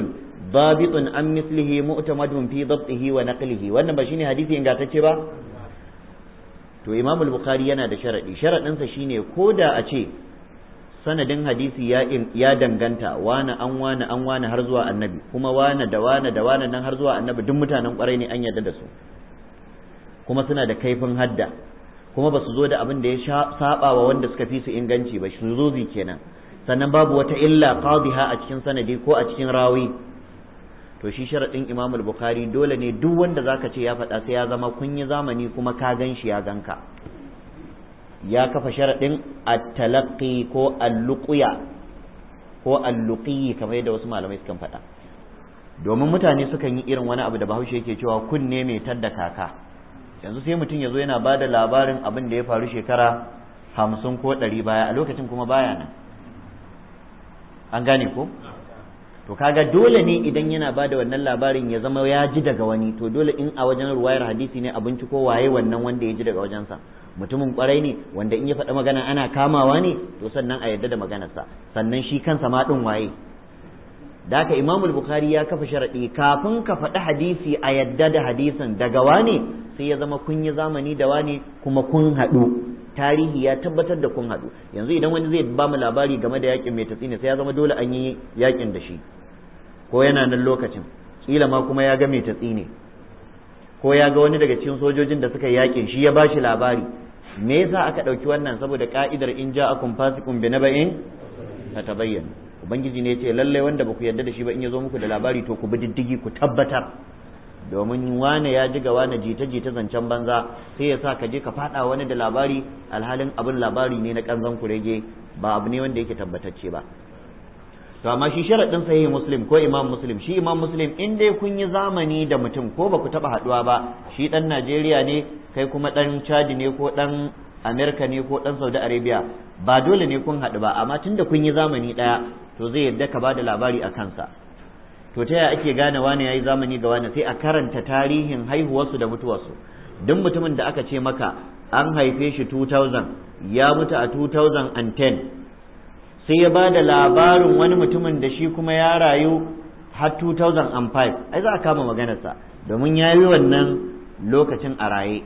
ضابط an مثله mu'tamadun في ضبطه ونقله naqlihi wannan ba shine hadisi ingantacce ba to imam al yana da sharadi sharadinsa shine koda a ce sanadin hadisi ya ya danganta wani an wani an wani har zuwa annabi kuma wani da wani da wani nan har zuwa annabi duk mutanen kwarai ne an yarda da su kuma suna da kaifin hadda kuma ba su zo da abin da ya saba wa wanda suka fi su inganci ba shuzuzi kenan sannan babu wata illa qadiha a cikin sanadi ko a cikin rawi to shi sharadin Imam al-Bukhari dole ne duk wanda zaka ce ya faɗa sai ya zama kun yi zamani kuma ka gan shi ya ganka ya kafa sharadin at-talaqqi ko al-luqya ko al-luqi kamar yadda wasu malamai sukan faɗa domin mutane sukan yi irin wani abu da Bahaushe yake cewa kunne mai tadda kaka yanzu sai mutum ya zo yana ba da labarin abin da ya faru shekara hamsin ko ɗari baya a lokacin kuma baya nan an gane ko to kaga dole ne idan yana ba da wannan labarin ya zama ya ji daga wani to dole in a wajen ruwayar hadisi ne abinci ko waye wannan wanda ya ji daga wajensa mutumin kwarai ne wanda in ya faɗa magana ana kamawa ne to sannan a yadda da maganarsa sannan shi kansa ma ɗin waye da haka Bukhari ya kafa sharaɗi kafin ka faɗi hadisi a yadda da hadisin daga wane sai ya zama kun yi zamani da wane kuma kun haɗu tarihi ya tabbatar da kun haɗu yanzu idan wani zai ba mu labari game da yakin mai tatsina sai ya zama dole an yi yakin da shi ko yana nan lokacin kila ma kuma ya ga mai tatsine ko ya ga wani daga cikin sojojin da suka yakin shi ya ba shi labari me yasa aka ɗauki wannan saboda ka'idar in ja'akum fasiqun bi naba'in fatabayyana ubangiji ne ce lalle wanda ba ku yarda da shi ba in ya zo muku da labari to ku bi diddigi ku tabbatar domin wane ya ji ga wane jita jita zancen banza sai ya sa ka je ka fada wani da labari alhalin abin labari ne na kanzan kurege ba abu ne wanda yake tabbatacce ba to amma shi sharadin sahihi muslim ko imam muslim shi imam muslim in dai kun yi zamani da mutum ko ba ku taɓa haɗuwa ba shi dan najeriya ne kai kuma ɗan chadi ne ko dan amerika ne ko dan saudi arabia ba dole ne kun haɗu ba amma tun da kun yi zamani ɗaya to zai yadda ka bada labari a kansa to ta yaya ake gane wani yayi zamani ga wani sai a karanta tarihin haihuwarsu da mutuwarsu duk mutumin da aka ce maka an haife shi 2000 ya mutu a 2010 sai ya ba da labarin wani mutumin da shi kuma ya rayu har 2005 ai za a kama maganarsa domin ya yi wannan lokacin a raye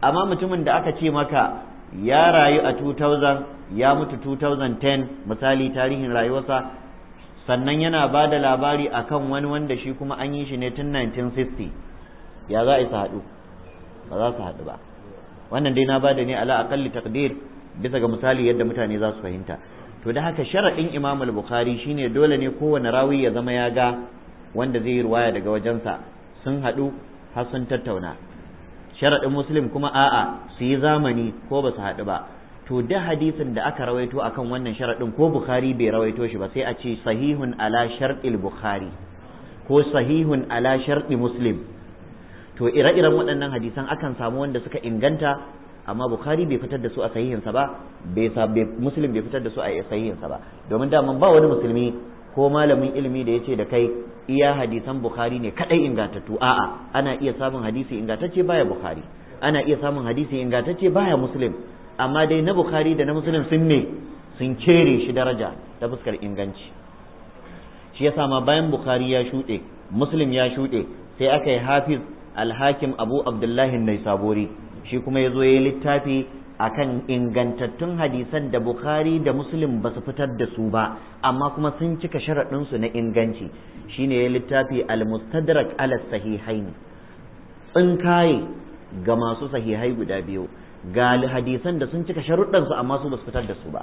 amma mutumin da aka ce maka ya rayu a 2000 ya mutu 2010 misali tarihin rayuwarsa sannan yana ba da labari akan wani wanda shi kuma an yi shi ne tun 1960 ya za a su haɗu ba za su haɗu ba wannan dai na ba da ne ala akalli takdir bisa ga misali yadda mutane za su fahimta to da haka sharaɗin imam al-bukhari shine dole ne kowane rawi ya zama ya ga wanda zai yi ruwaya daga wajensa sun haɗu har sun tattauna sharaɗin muslim kuma a'a su yi zamani ko ba su haɗu ba to da hadisin da aka rawaito akan wannan sharaɗin ko bukhari bai rawaito shi ba sai a ce sahihun ala sharɗil bukhari ko sahihun ala sharɗi muslim to ire-iren waɗannan hadisan akan samu wanda suka inganta amma bukhari bai fitar da su a sahihinsa ba bai muslim bai fitar da su a sahihinsa ba domin daman ba wani musulmi ko malamin ilimi da ya ce da kai iya hadisan bukhari ne kadai ingantattu a'a ana iya samun hadisi ingantacce baya bukhari ana iya samun hadisi ingantacce baya muslim amma dai na bukhari da na muslim sun ne sun kere shi daraja ta fuskar inganci shi yasa ma bayan bukhari ya shuɗe muslim ya shuɗe sai aka yi hafiz alhakim abu abdullahi naisabori shi kuma ya zo ya yi littafi akan ingantattun hadisan da bukhari da muslim ba su fitar da su ba amma kuma sun cika su na inganci shine ya littafi al-mustadrak ala tsin kai ga masu sahihai guda biyu ga hadisan da sun cika sharuɗansu amma su ba su fitar da su ba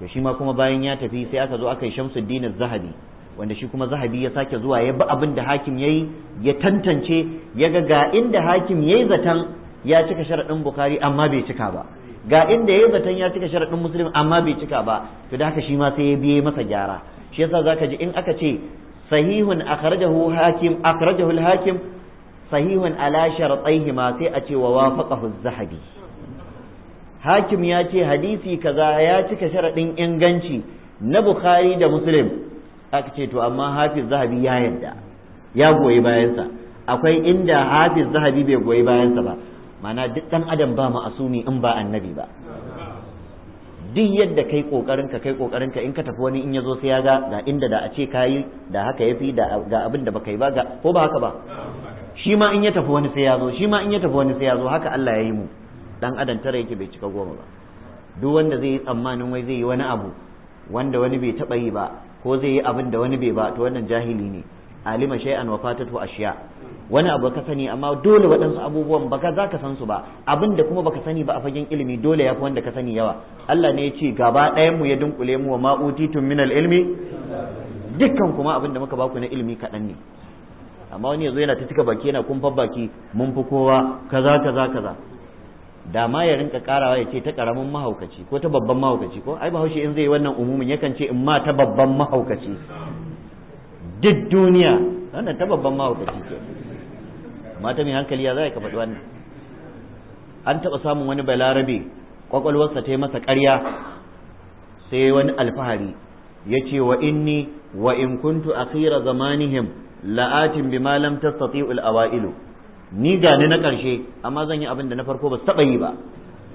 to shi ma kuma bayan ya tafi sai aka zo aka yi shamsuddin zahabi wanda shi kuma zahabi ya sake zuwa ya bi abin da hakim yayi ya tantance ya ga ga inda hakim yayi zaton ya cika sharaɗin bukari amma bai cika ba ga inda yayi zaton ya cika sharaɗin muslim amma bai cika ba to da haka shi ma sai ya biye masa gyara shi yasa zaka ji in aka ce sahihun akhrajahu hakim akhrajahu al-hakim sahihun ala sharataihi ma sai a ce wa wafaqahu az-zahabi hakim ya ce hadisi kaza ya cika sharaɗin inganci na bukari da muslim aka ce to amma hafiz zahabi ya yadda ya goyi bayansa akwai inda hafiz zahabi bai goyi bayansa ba mana duk dan adam ba ma'asumi in ba annabi ba duk yadda kai kokarin ka kai kokarin ka in ka tafi wani in yazo sai ya ga ga inda da a ce kai da haka yafi da ga abin da baka yi ba ga ko ba haka ba shi ma in ya tafi wani sai ya zo shi ma in ya tafi wani sai ya zo haka Allah ya yi mu dan adam tare yake bai cika goma ba duk wanda zai yi tsammanin wai zai yi wani abu wanda wani bai taba yi ba ko zai yi abin da wani bai ba to wannan jahili ne alima shay'an wa fatatu ashiya wani abu ka sani amma dole waɗansu abubuwan baka za ka san su ba abin da kuma baka sani ba a fagen ilimi dole ya fi wanda ka sani yawa Allah ne ya ce gaba ɗayan mu ya dunkule mu wa ma'uti tun min ilmi dukkan kuma abin da muka baku na ilimi kaɗan ne amma wani yanzu yana ta cika baki yana kumfar baki mun fi kowa kaza kaza kaza da ma ya rinka karawa ya ce ta karamin mahaukaci ko ta babban mahaukaci ko ai bahaushe in zai wannan umumin yakan ce in ma ta babban mahaukaci duk duniya wannan ta babban mahaukaci ce. mata mai hankali ya za ka faɗi wannan an taɓa samun wani balarabe ƙwaƙwalwarsa ta yi masa ƙarya sai wani alfahari ya ce wa inni wa in kuntu tsira zamanihim la'atin bi malam tastati'u awailu ni ga na ƙarshe amma zan yi abin da na farko ba su taɓa yi ba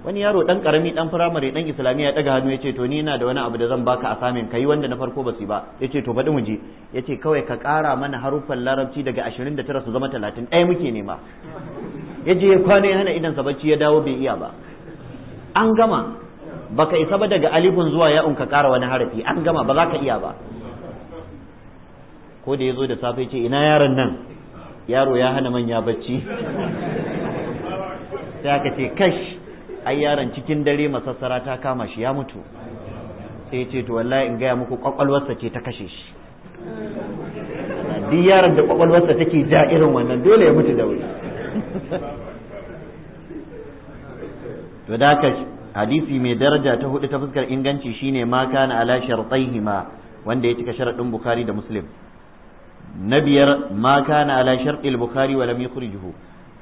wani yaro dan karami dan firamare dan islamiya ya daga hannu yace to ni ina da wani abu da zan baka a samin kai wanda na farko basu ba yace to bari mu je yace kawai ka kara mana harufan larabci daga 29 su zama 30 ɗaya muke nema yaje ya kwana ya hana idan sa bacci ya dawo bai iya ba an gama baka isa ba daga alifun zuwa ya'un ka kara wani harafi an gama ba za ka iya ba ko da ya da safe ce ina yaron nan yaro ya hana manya bacci sai aka ce kash ai yaron cikin dare masassara ta kama shi ya mutu sai ce to wallahi in gaya muku kwakwalwarsa ce ta kashe shi duk yaron da kwakwalwarsa take ja irin wannan dole ya mutu da wuri to da haka hadisi mai daraja ta hudu ta fuskar inganci shine ma kana ala shartaihima wanda ya cika sharadin bukhari da muslim na biyar ma kana ala shartil bukhari wa lam yukhrijuhu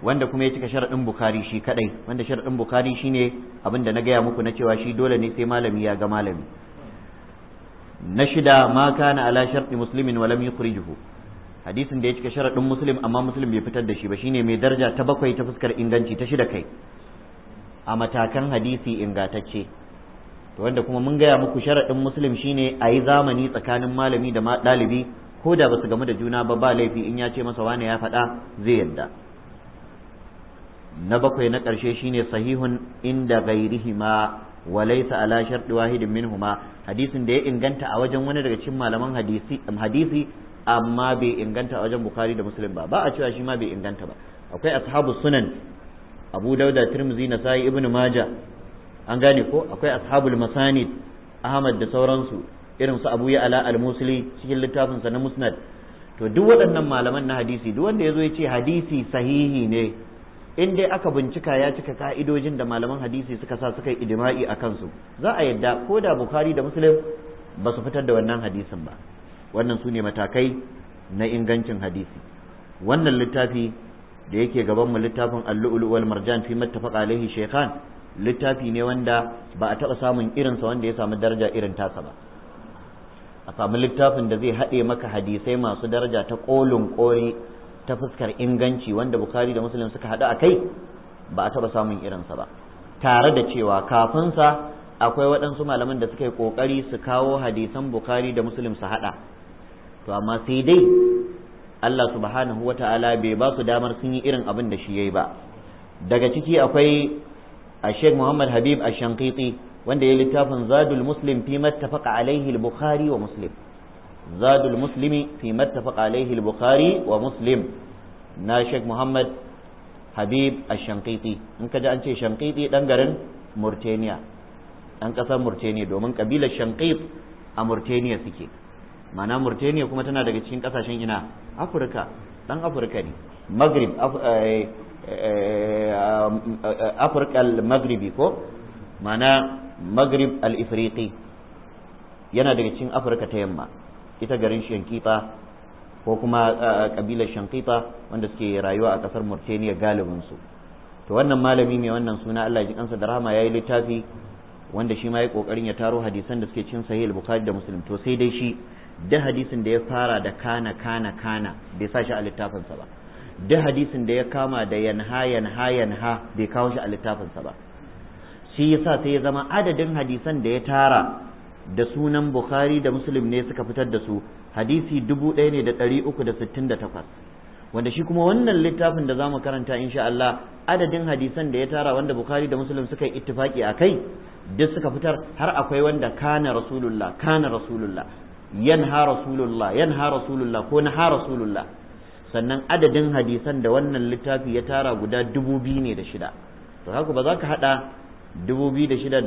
wanda kuma ya cika sharaɗin bukari shi kadai wanda sharaɗin bukari shi ne abinda na gaya muku na cewa shi dole ne sai malami ya ga malami na shida ma kana ala sharti muslimin wa lam yukhrijuhu hadisin da ya cika sharaɗin muslim amma muslim bai fitar da shi ba shine mai daraja ta bakwai ta fuskar inganci ta shida kai a matakan hadisi ingantacce to wanda kuma mun gaya muku sharaɗin muslim shine a yi zamani tsakanin malami da ɗalibi ko da ba su gamu da juna ba ba laifi in ya ce masa wane ya faɗa zai yadda na bakwai na ƙarshe shine sahihun inda ghairihima wa laysa ala shartu wahidin minhuma hadisin da ya inganta a wajen wani daga cikin malaman hadisi um, hadisi amma bai inganta a wajen bukhari da muslim ba ba a cewa shi ma bai inganta ba akwai ashabu sunan abu dauda tirmidhi nasai ibnu maja an gane ko akwai ashabul masanid ahmad da sauransu irin su abu ya ala al-musli cikin littafin sa na musnad to duk waɗannan malaman na hadisi duk wanda yazo ya ce hadisi sahihi ne in dai aka bincika ya cika ka'idojin da malaman hadisi suka sa suka yi idima'i a kansu za a yadda ko da bukhari da muslim ba su fitar da wannan hadisin ba wannan su ne matakai na ingancin hadisi wannan littafi da yake gaban mu littafin allu'ulu wal marjan fi mattafaqa alaihi shaykhan littafi ne wanda ba a taɓa samun irinsa wanda ya samu daraja irin tasa ba a samu littafin da zai haɗe maka hadisai masu daraja ta ƙolin ƙoli ta fuskar inganci wanda bukari da muslim suka haɗu a kai ba a taɓa samun irinsa ba tare da cewa kafinsa akwai waɗansu malaman da suka yi ƙoƙari su kawo hadisan bukari da muslim su haɗa to amma sai dai Allah subhanahu wa ta'ala bai ba su damar sun yi irin abin da shi ya yi ba daga ciki akwai a sheikh muhammad habib a shankiti wanda ya littafin zadul muslim fi mattafaqa alaihi al-bukhari wa muslim zadul muslimi fi mattafaq alaihi al-bukhari wa muslim na Sheikh Muhammad Habib Ash-Shankiti in ka ji an ce Shankiti dan garin Murtaniya dan kasar Murtaniya domin kabilar Shankit a kuma tana daga cikin kasashen ina afrika dan afrika ne Maghrib afrika eh, eh, eh, al-Maghribi ko معنا Maghrib al yana daga cikin Afirka ta yamma ita garin shankita ko kuma kabilar shankita wanda suke rayuwa a kasar murtaniya galibin su to wannan malami mai wannan suna Allah ji kansa da rahama yayi littafi wanda shi ma ya kokarin ya taro hadisan da suke cin sahih bukhari da muslim to sai dai shi da hadisin da ya fara da kana kana kana bai sa shi a littafinsa ba da hadisin da ya kama da yanha yanha yanha bai kawo shi a littafinsa ba shi yasa sai ya zama adadin hadisan da ya tara da sunan bukhari da muslim ne suka fitar da su hadisi dubu ɗaya ne da ɗari uku da sittin da takwas wanda shi kuma wannan littafin da zamu karanta insha Allah adadin hadisan da ya tara wanda bukhari da muslim suka yi ittifaki a kai duk suka fitar har akwai wanda kana rasulullah kana rasulullah yanha rasulullah yanha rasulullah ko naha rasulullah sannan adadin hadisan da wannan littafi ya tara guda dubu biyu ne da shida to haka ba za ka haɗa dubu da shida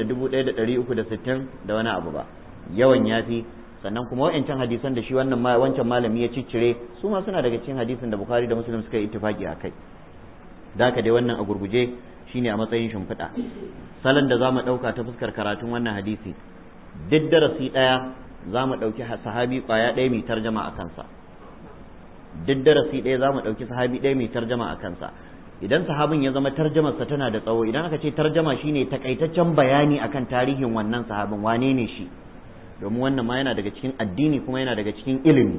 da wani abu ba yawan yafi sannan kuma wa'ancan hadisan da shi wannan wancan malami ya ciccire su ma suna daga cikin hadisin da bukari da muslim suka yi ittifaki a kai da dai wannan a gurguje shine a matsayin shimfiɗa salon da za mu ɗauka ta fuskar karatun wannan hadisi duk darasi ɗaya za mu ɗauki sahabi ƙwaya ɗaya mai tarjama darasi ɗaya za mu ɗauki sahabi ɗaya mai tarjama a kansa idan sahabin ya zama sa tana da tsawo idan aka ce tarjama shine takaitaccen bayani akan tarihin wannan sahabin wane ne shi domin wannan ma yana daga cikin addini kuma yana daga cikin ilimi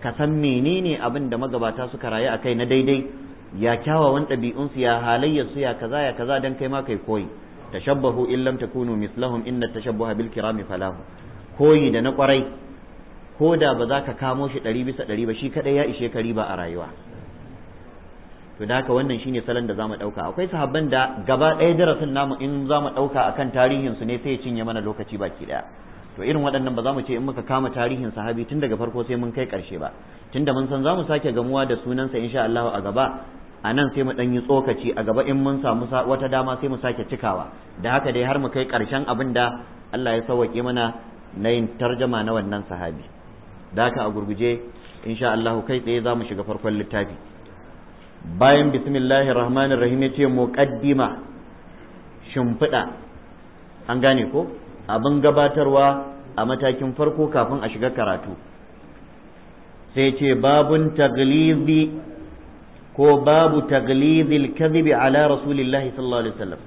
ka san menene abin da magabata suka rayu akai na daidai ya kyawawan ɗabi'unsu ya su ya kaza ya kaza dan kai ma kai koyi tashabbahu in lam takunu mislahum inna tashabbaha bil kirami falahu koyi da na kwarai ko da ba za ka kamo shi ɗari bisa ɗari ba shi kaɗai ya ishe ka riba a rayuwa to da haka wannan shine salon da zamu dauka akwai sahabban da gaba ɗaya darasin namu in zamu dauka akan tarihin su ne sai ya cinye mana lokaci baki daya to irin waɗannan ba za mu ce in muka kama tarihin sahabi tun daga farko sai mun kai ƙarshe ba tunda mun san zamu sake gamuwa da sunansa insha Allah a gaba a nan sai mu dan yi tsokaci a gaba in mun samu wata dama sai mu sake cikawa da haka dai har mu kai ƙarshen abin da Allah ya sauwaƙe mana na yin tarjama na wannan sahabi da haka a gurguje insha Allah kai tsaye zamu shiga farkon littafi bayan bismillahir rahmanir rahim yace muqaddima shimfiɗa an gane ko abin gabatarwa a matakin farko kafin a shiga karatu sai ce babun taglizi ko babu taglizil kadhibi ala rasulillah sallallahu alaihi wasallam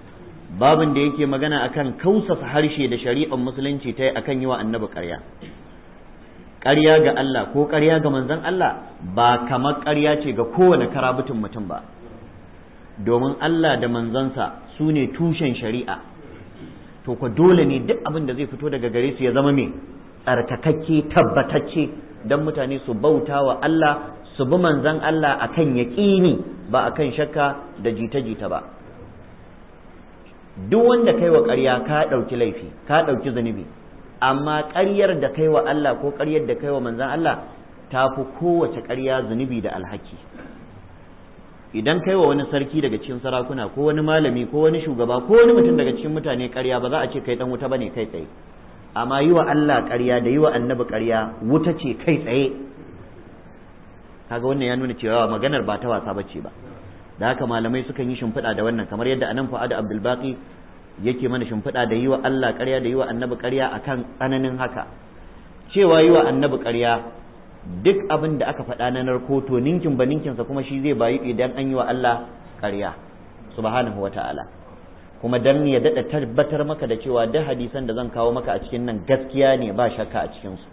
babin da yake magana akan kausasa harshe da shari'ar musulunci ta yi akan yi wa annabi ƙarya ƙarya ga Allah ko ƙarya ga manzon Allah ba kamar ƙarya ce ga kowane karabutun mutum ba domin Allah da manzansa su ne tushen shari'a to kwa dole ne duk abin da zai fito daga gare su ya zama mai tsarkakakke tabbatacce don mutane su bauta wa Allah su bi manzan Allah a akan yaƙini ba a kan shakka da jita-jita ba duk wanda kai wa ƙarya ka ɗauki laifi ka ɗauki zunubi amma ƙaryar da kai wa Allah ko ƙaryar da kai wa manzan Allah ta fi kowace ƙarya zunubi da alhaki idan kai wa wani sarki daga cikin sarakuna ko wani malami ko wani shugaba ko wani mutum daga cikin mutane ƙarya ba za a ce kai dan wuta bane kai tsaye amma yi wa Allah ƙarya da yi wa annabi ƙarya wuta ce kai tsaye kaga wannan ya nuna cewa maganar ba ta wasa bace ba da haka malamai sukan yi shimfiɗa da wannan kamar yadda anan fa'ada abdulbaqi yake mana shimfiɗa da yi wa Allah ƙarya da yi wa annabi ƙarya akan tsananin haka cewa yi wa annabi ƙarya duk abin da aka faɗa na narko to ninkin ba ninkinsa kuma shi zai bayu idan an yi wa Allah ƙarya subhanahu wa ta'ala kuma dan ya daɗa tabbatar maka da cewa duk hadisan da zan kawo maka a cikin nan gaskiya ne ba shakka a cikin su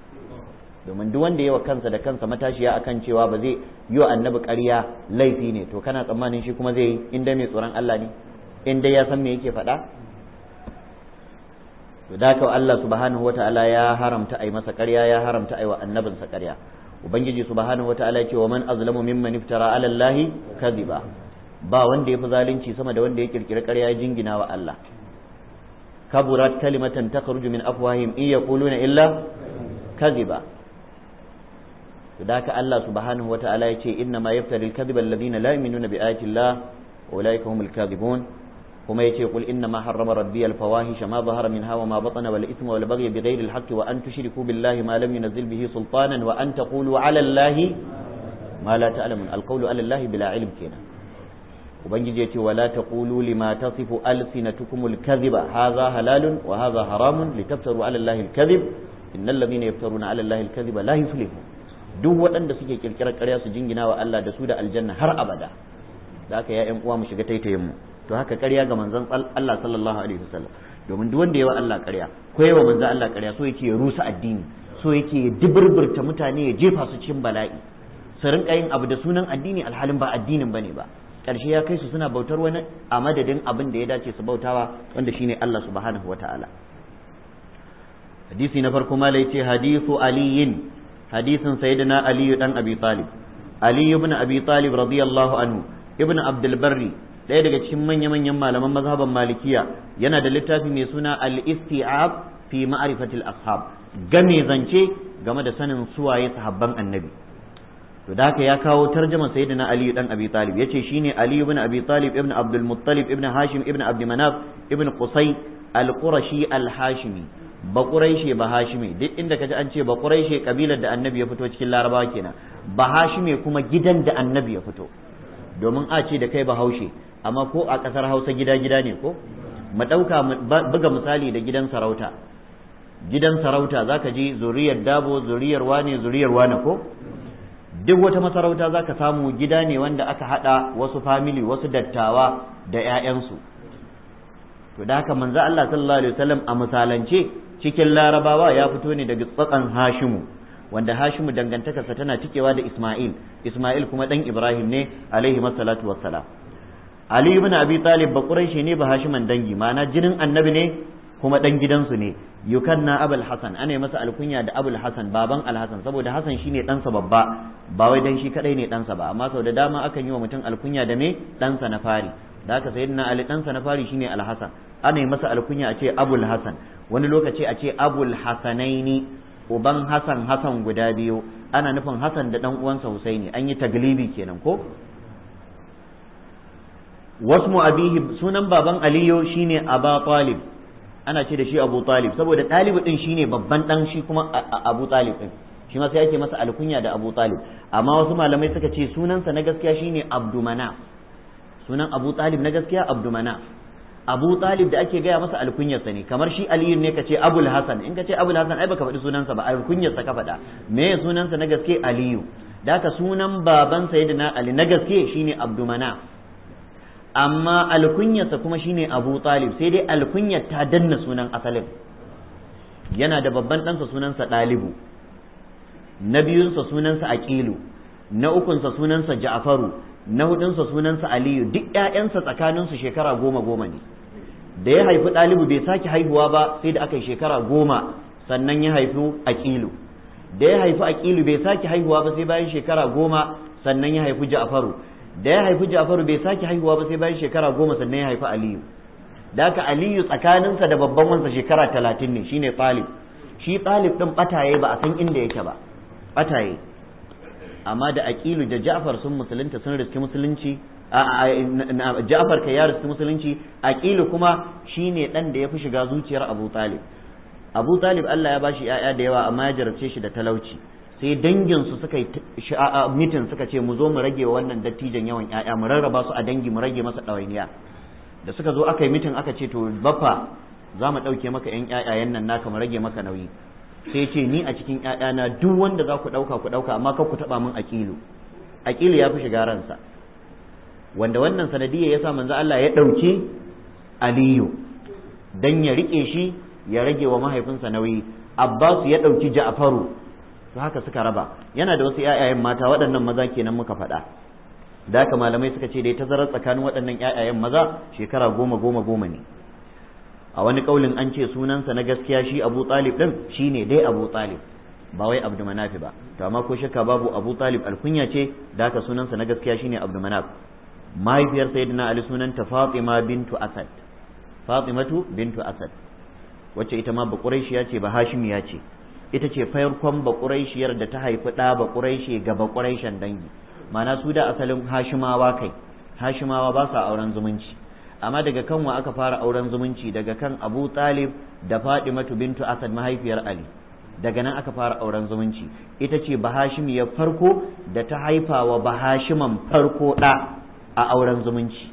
domin duk wanda ya wa kansa da kansa matashiya akan cewa ba zai yi wa annabi ƙarya laifi ne to kana tsammanin shi kuma zai yi inda mai tsoron Allah ne inda ya san me yake faɗa to da haka Allah subhanahu ta'ala ya haramta ai masa ƙarya ya haramta ai wa sa ƙarya ubangiji subhanahu ta'ala ce wa man azlamu mimman iftara ala allahi ba wanda ya fi zalunci sama da wanda ya kirkiri ƙarya ya jingina wa Allah kaburat kalimatan takhruju min afwahim in yaquluna illa kadhiba to da haka Allah subhanahu wataala ya ce inna ma yaftari al-kadhiba alladhina la yu'minuna bi ayati allah ulaika humul kuma yace kul inna ma harrama rabbi al fawahisha ma zahara minha wa ma batana wal ithma wal baghy bi ghayri al haqqi wa an tushriku billahi ma lam yunzil bihi sultanan wa an taqulu ala allahi ma la ta'lamun al qawlu ala allahi bila ilm kenan ubangiji yace wala taqulu lima tasifu alsinatukum al kadhiba hadha halalun wa hadha haramun litaftaru ala allahi al kadhib innal ladhina yaftaruna ala allahi al kadhiba la yuflihun duk waɗanda suke kirkirar ƙarya su jingina wa Allah da su da aljanna har abada da aka ya ƴan uwa mu shiga taitayin mu to haka ƙarya ga manzon Allah sallallahu alaihi wasallam domin duk wanda yawa Allah ƙarya ko yawa manzon Allah ƙarya so yake ya rusa addini so yake ya diburburta mutane ya jefa su cikin bala'i su rinka yin abu da sunan addini alhalin ba addinin bane ba ƙarshe ya kai su suna bautar wani a madadin abin da ya dace su bautawa wanda shine Allah subhanahu wataala hadisi na farko malai ce hadisu aliyin hadisin sayyidina aliyu dan abi talib ali ibn abi talib radiyallahu anhu ibn abdul barri ɗaya daga cikin manya-manyan malaman mazhaban malikiya yana da littafi mai suna al-isti'ab fi ma'rifatil ashab game zance game da sanin suwaye sahabban annabi to da haka ya kawo tarjama sayyidina ali dan abi talib yace shine ali ibn abi talib ibn abdul muttalib ibn hashim ibn abd manaf ibn qusay al-qurashi al-hashimi ba quraishi ba hashimi duk inda kaji an ce ba quraishi kabilar da annabi ya fito cikin larabawa kenan ba hashimi kuma gidan da annabi ya fito domin a ce da kai bahaushe amma ko a ƙasar hausa gida-gida ne ko mu dauka buga misali da gidan sarauta gidan sarauta zaka ka ji zuriyar dabo zuriyar wane zuriyar wane ko duk wata masarauta zaka samu gida ne wanda aka haɗa wasu famili wasu dattawa da 'ya'yansu to da haka manzo Allah sallallahu alaihi wasallam a misalance cikin larabawa ya fito ne daga tsakan hashimu wanda hashimu dangantakarsa tana cikewa da isma'il isma'il kuma dan ibrahim ne alaihi masallatu wassalam ali ibn abi talib ba quraishi ne ba hashiman dangi ma'ana jinin annabi ne kuma dan gidansu ne yukanna abul hasan ana masa alkunya da abul hasan baban Hasan saboda hasan shine ɗansa babba ba wai dan shi kadai ne ɗansa ba amma sau da dama akan yi wa mutum alkunya da me ɗansa na fari da haka sayyidina ali ɗansa na fari shine alhasan ana masa alkunya a ce abul hasan wani lokaci a ce abul hasanaini uban hasan hasan guda biyu ana nufin hasan da dan uwansa husaini an yi taglibi kenan ko wasmu abihi sunan baban aliyu shine aba talib ana ce da shi abu talib saboda talibu din shine babban dan shi kuma abu talib din shi ma sai ake masa alkunya da abu talib amma wasu malamai suka ce sunansa na gaskiya shine abdumana sunan abu talib na gaskiya abdumana abu talib da ake gaya masa alkunyarsa ne kamar shi aliyu ne ka kace abul hasan in ka kace abul hasan ai baka faɗi sunansa ba alkunyarsa ka faɗa me sunansa na gaske aliyu da ka sunan baban sayyidina ali na gaske shine abdumana amma alkunyarsa kuma shine abu talib sai dai alkunyar ta danna sunan asalin yana da babban ɗansa sunansa ɗalibu na biyunsa sunansa aqilu na ukunsa sunansa ja'faru na hudunsa sunansa aliyu duk ƴaƴansa tsakaninsu shekara goma goma ne da ya haifi ɗalibu bai sake haihuwa ba sai da aka yi shekara goma sannan ya haifi aqilu da ya haifi aqilu bai sake haihuwa ba sai bayan shekara goma sannan ya haifi ja'faru da ya haifi Ja'faru bai sake haihuwa ba sai bayan shekara goma sannan ya haifi Aliyu da haka Aliyu tsakaninsa da babban wansa shekara talatin ne shine Talib shi Talib din ɓataye ba a san inda yake ba ɓataye. amma da Aqilu da Ja'far sun musulunta sun riski musulunci Ja'far kai ya riski musulunci aƙilu kuma shine dan da ya fi shiga zuciyar Abu Talib Abu Talib Allah ya bashi 'ya'ya da yawa amma ya jarabce shi da talauci sai danginsu suka yi mitin suka ce mu zo mu rage wannan dattijan yawan yaya mu rarraba su a dangi mu rage masa ɗawainiya da suka zo aka yi mitin aka ce to baffa za mu ɗauke maka ƴan ƴaƴayen nan naka mu rage maka nauyi sai ce ni a cikin yaya na duk wanda za ku ɗauka ku ɗauka amma kar ku taɓa min aƙilu aƙilu ya fi shiga ransa wanda wannan sanadiyya ya sa manzo Allah ya ɗauki Aliyu dan ya riƙe shi ya rage wa mahaifinsa nauyi Abbas ya ɗauki Ja'faru to haka suka raba yana da wasu ƴaƴayen mata waɗannan maza kenan muka faɗa da haka malamai suka ce dai tazarar tsakanin waɗannan ƴaƴayen maza shekara goma goma goma ne a wani kaulin an ce sunansa na gaskiya shi Abu Talib din shine dai Abu Talib ba wai Abdul Manaf ba to amma ko shakka babu Abu Talib alkunya ce da haka sunansa na gaskiya shine Abdul Manaf mahaifiyar sayyidina Ali sunanta Fatima bintu Asad Fatimatu bintu Asad wacce ita ma ba Quraishiya ce ba Hashimiya ce ita ce farkon baƙuraishiyar da ta haifi ɗa baƙuraishe ga bakuraishen dangi mana su da asalin hashimawa kai hashimawa ba sa auren zumunci amma daga kan wa aka fara auren zumunci daga kan abu talib da fadimatu bintu asad mahaifiyar ali daga nan aka fara auren zumunci ita ce ya farko da ta haifa wa bahashiman farko ɗa a auren zumunci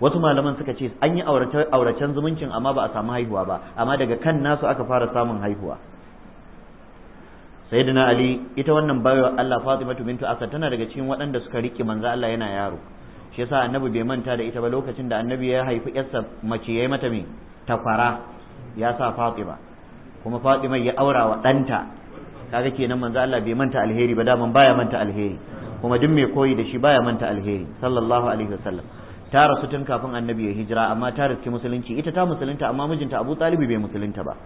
wasu malaman suka ce an yi auracen zumuncin amma ba a samu haihuwa ba amma daga kan nasu aka fara samun haihuwa sayyidina ali ita wannan bayar Allah Fatimatu bintu Asad tana daga cikin waɗanda suka rike manzo Allah yana yaro shi yasa annabi bai manta da ita ba lokacin da annabi ya haifi yarsa mace yayi mata me takwara ya sa Fatima kuma Fatima ya aura wa ɗanta kaga kenan manzo Allah bai manta alheri ba daman baya manta alheri kuma duk mai koyi da shi baya manta alheri sallallahu alaihi wasallam ta rasu tun kafin annabi ya hijira amma ta riski musulunci ita ta musulunta amma mijinta Abu Talib bai musulunta ba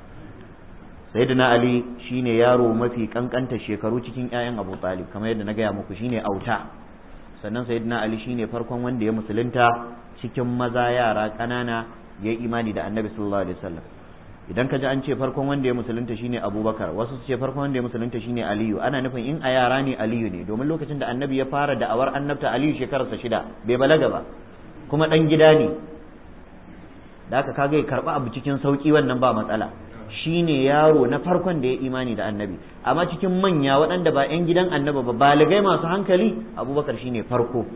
sayyidina ali shine yaro mafi kankanta shekaru cikin yayan abu talib kamar yadda na gaya muku shine auta sannan sayyidina ali shine farkon wanda ya musulunta cikin maza yara kanana ya imani da annabi sallallahu alaihi wasallam idan ka ji an ce farkon wanda ya musulunta shine abubakar wasu su ce farkon wanda ya musulunta shine aliyu ana nufin in a yara ne aliyu ne domin lokacin da annabi ya fara da'awar annabta aliyu shekararsa shida bai balaga ba kuma dan gida ne da aka kaga ya karba abu cikin sauki wannan ba matsala Shi ne yaro na farkon da ya imani da annabi amma cikin manya waɗanda ba 'yan gidan annabi ba baligai masu hankali abubakar shi ne farko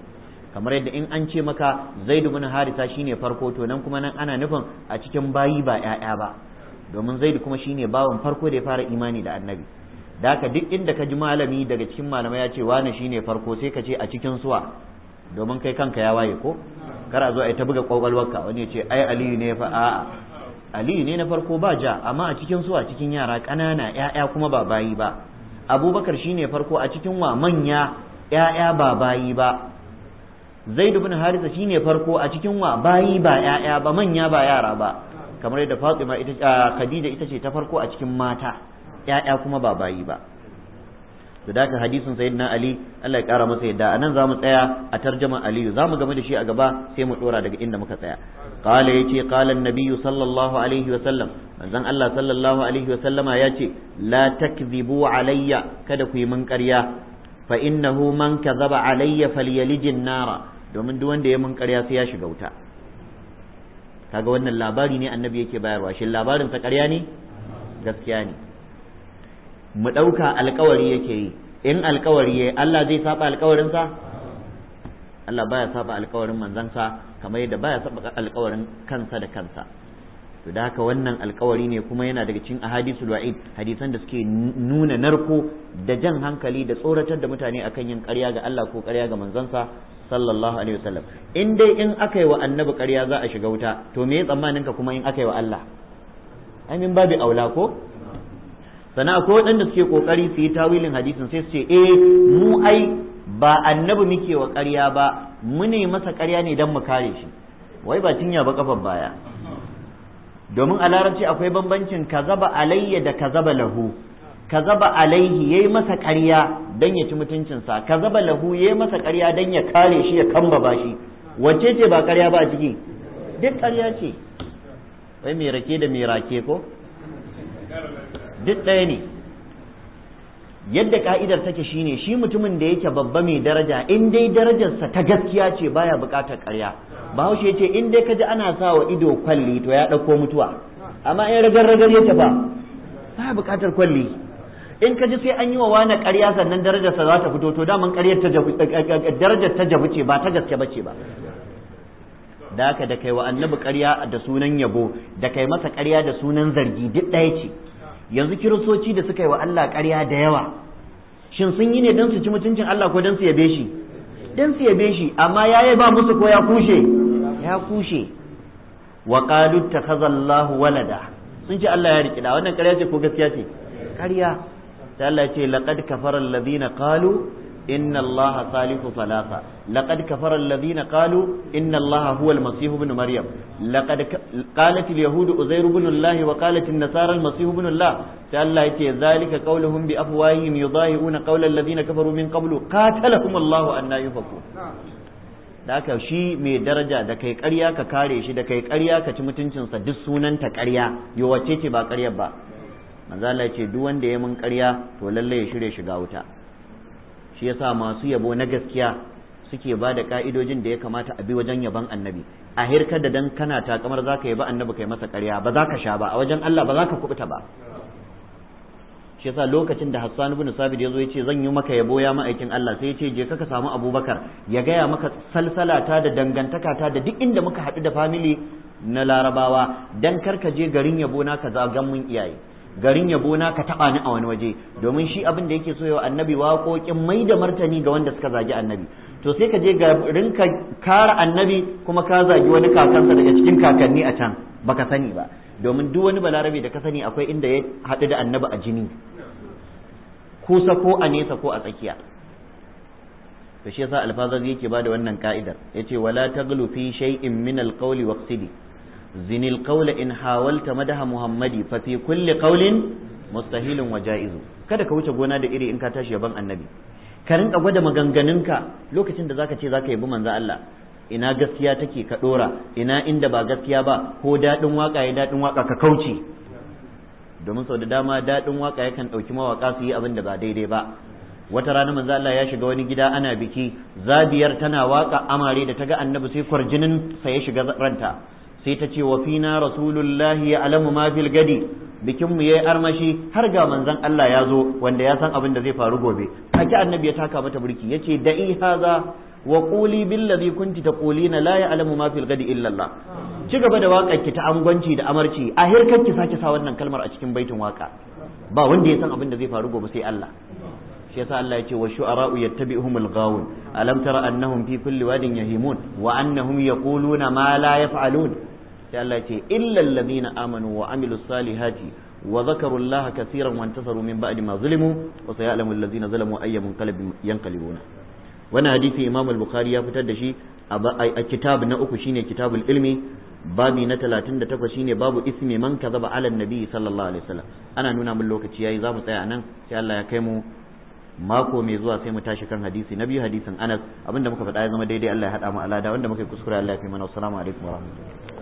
kamar yadda in an ce maka zaidu bin harisa ne farko to nan kuma nan ana nufin a cikin bayi ba 'ya'ya ba domin zaidu kuma shi ne bawan farko da ya fara imani da annabi da haka duk inda ka ji malami daga cikin malamai ya ce wani ne farko sai ka ce a cikin suwa domin kai kanka ya waye ko kar a zo a yi ta buga kwakwalwarka wani ya ce ai aliyu ne fa a'a aliyu ne na farko ba ja amma a cikin su a cikin yara ƙanana ƴaƴa kuma ba bayi ba abubakar shi ne farko a cikin wa manya ƴaƴa ba bayi ba zaid ibn harisa shi farko a cikin wa bayi ba ƴaƴa ba manya ba yara ba kamar yadda fatima ita khadija ita ce ta farko a cikin mata ƴaƴa kuma ba bayi ba to da hadisin sayyidina ali Allah ya kara masa yadda anan zamu tsaya a tarjama aliyu zamu game da shi a gaba sai mu dora daga inda muka tsaya qala yace qala an-nabiy sallallahu alaihi wa sallam manzon Allah sallallahu alaihi wa sallama yace la takdhibu alayya kada ku yi min ƙarya fa innahu man kadhaba alayya falyalijin nara domin duk wanda ya min ƙarya sai ya shiga wuta kaga wannan labari ne annabi yake bayarwa shin labarin sa ƙarya ne gaskiya ne mu ɗauka alkawari yake yi in alkawari yayi Allah zai saba alkawarinsa Allah baya saba alkawarin manzansa kamar yadda baya saba alkawarin kansa da kansa to da haka wannan alkawari ne kuma yana daga cikin ahadisul wa'id hadisan da suke nuna narko da jan hankali da tsoratar da mutane akan yin ƙarya ga Allah ko ƙarya ga manzansa sallallahu alaihi wasallam in dai in aka wa annabi ƙarya za a shiga wuta to me tsammanin ka kuma in aka wa Allah amin babu aula ko sana akwai waɗanda suke kokari su yi tawilin hadisin sai su ce eh mu ai ba annabi muke wa ƙarya ba mu ne masa ƙarya ne don mu kare shi wai ba cinya ba kafan baya domin a larabci akwai bambancin kazaba alayya da kazaba lahu kazaba alaihi yayi masa ƙarya dan ya ci mutuncinsa kazaba lahu yayi masa ƙarya dan ya kare shi ya ba shi wacce ce ba ƙarya ba a ciki duk ƙarya ce wai mai rake da mai rake ko duk ɗaya ne yadda ka'idar take shine shi mutumin da yake babba mai daraja in dai darajarsa ta gaskiya ce baya buƙatar ƙarya bahaushe ya ce in dai ka ji ana sa wa ido kwalli to ya ɗauko mutuwa amma in ragar ragar yake ba ya buƙatar kwalli in ka ji sai an yi wa wani ƙarya sannan darajarsa za ta fito to daman ƙaryar ta eh, eh, eh, darajar ta jabu ce ba ta gaske ba ce ba da ka da kai wa annabi ƙarya da sunan yabo da kai masa ƙarya da sunan zargi duk ɗaya ce yanzu kiristoci da suka yi wa Allah ƙarya da yawa shin sun yi ne don su ci mutuncin Allah ko don su yabe shi don su yabe shi amma ya yi ba musu ko ya kushe ya kushe wa qalu takhazallahu walada sun ce Allah ya riki da wannan ƙarya ce ko gaskiya ce ƙarya ta Allah ce laqad kafara alladhina qalu inna allaha salihu salasa laqad kafara alladhina qalu inna allaha huwa almasih ibn maryam laqad qalat alyahud uzair ibn allah wa qalat an-nasara almasih ibn allah sai Allah yace zalika qawluhum bi afwahihim yudahiruna qawla alladhina kafaru min qablu qatalahum allah anna yufakun da haka shi mai daraja da kai karya ka kare shi da kai karya ka ci mutuncinsa duk sunanta karya yo wacce ce ba karya ba manzo Allah duk wanda ya mun karya to lallai ya shirya shiga wuta shi yasa masu yabo na gaskiya suke ba da ka'idojin da ya kamata a bi wajen yaban annabi a hirkar da dan kana takamar za ka yaba annabi kai masa ƙarya ba za ka sha ba a wajen Allah ba za ka kubuta ba shi yasa lokacin da Hassan ibn Sabit ya zo ya ce zan yi maka yabo ya ma'aikin Allah sai ya ce je ka samu Abubakar ya gaya maka salsala da dangantaka ta da duk inda muka haɗu da family na Larabawa dan kar ka je garin yabo na ka gan mun iyaye garin yabo na ka taba ni a wani waje domin shi abin da yake so yau annabi waƙoƙin mai da martani ga wanda suka zagi annabi to sai ka je garin ka kara annabi kuma ka zagi wani kakansa daga cikin kakanni a can baka sani ba domin duk wani balarabe da ka sani akwai inda ya haɗu da annabi a jini kusa ko a nesa ko a tsakiya to shi yasa alfazazi yake bada wannan ka'idar yace wala taglu fi shay'in min alqawli waqsidi zinil qawla in hawalta madaha muhammadi fa fi kulli qawlin mustahilun wa ja'izu kada ka wuce gona da iri in ka tashi yaban annabi ka rinka gwada maganganunka lokacin da zaka ce zaka yabi manzo Allah ina gaskiya take ka dora ina inda ba gaskiya ba ko daɗin waka ya daɗin waka ka kauce domin sau da dama daɗin waka yakan ɗauki mawaka su yi abin da ba daidai ba wata rana manzo Allah ya shiga wani gida ana biki zabiyar tana waka amare da ta ga annabi sai kwarjinin sa ya shiga ranta sai ta ce wa fina rasulullahi ya alamu ma fil gadi bikin mu yayi armashi har ga manzon Allah ya zo wanda ya san abin da zai faru gobe take annabi ya taka mata burki yace da'i haza wa quli bil ladhi kunti taqulina la ya'lamu ma fil gadi illa Allah ci gaba da waƙar ki ta angwanci da amarci a hirkar ki sake sa wannan kalmar a cikin baitin waka ba wanda ya san abin da zai faru gobe sai Allah shi yasa Allah ya ce wa shu'ara'u yattabi'uhumul ghawun alam tara annahum fi kulli wadin yahimun wa annahum yaquluna ma la yaf'alun sai Allah ce illal ladina amanu wa amilus salihati wa zakaru Allah kaseeran wa intasaru min ba'di ma zulimu wa sayalamu alladhina zalamu ayya munqalabin yanqalibuna wannan hadisi Imam al-Bukhari ya fitar da shi a kitab na uku shine kitabul ilmi babi na 38 shine babu ismi man kazaba ala nabi sallallahu alaihi wasallam ana nuna mun lokaci yayi zamu tsaya nan sai Allah ya kai mu mako mai zuwa sai mu tashi kan hadisi na biyu hadisin Anas abinda muka faɗa ya zama daidai Allah ya hada mu alada wanda muka kuskure Allah ya kai mana assalamu alaikum warahmatullahi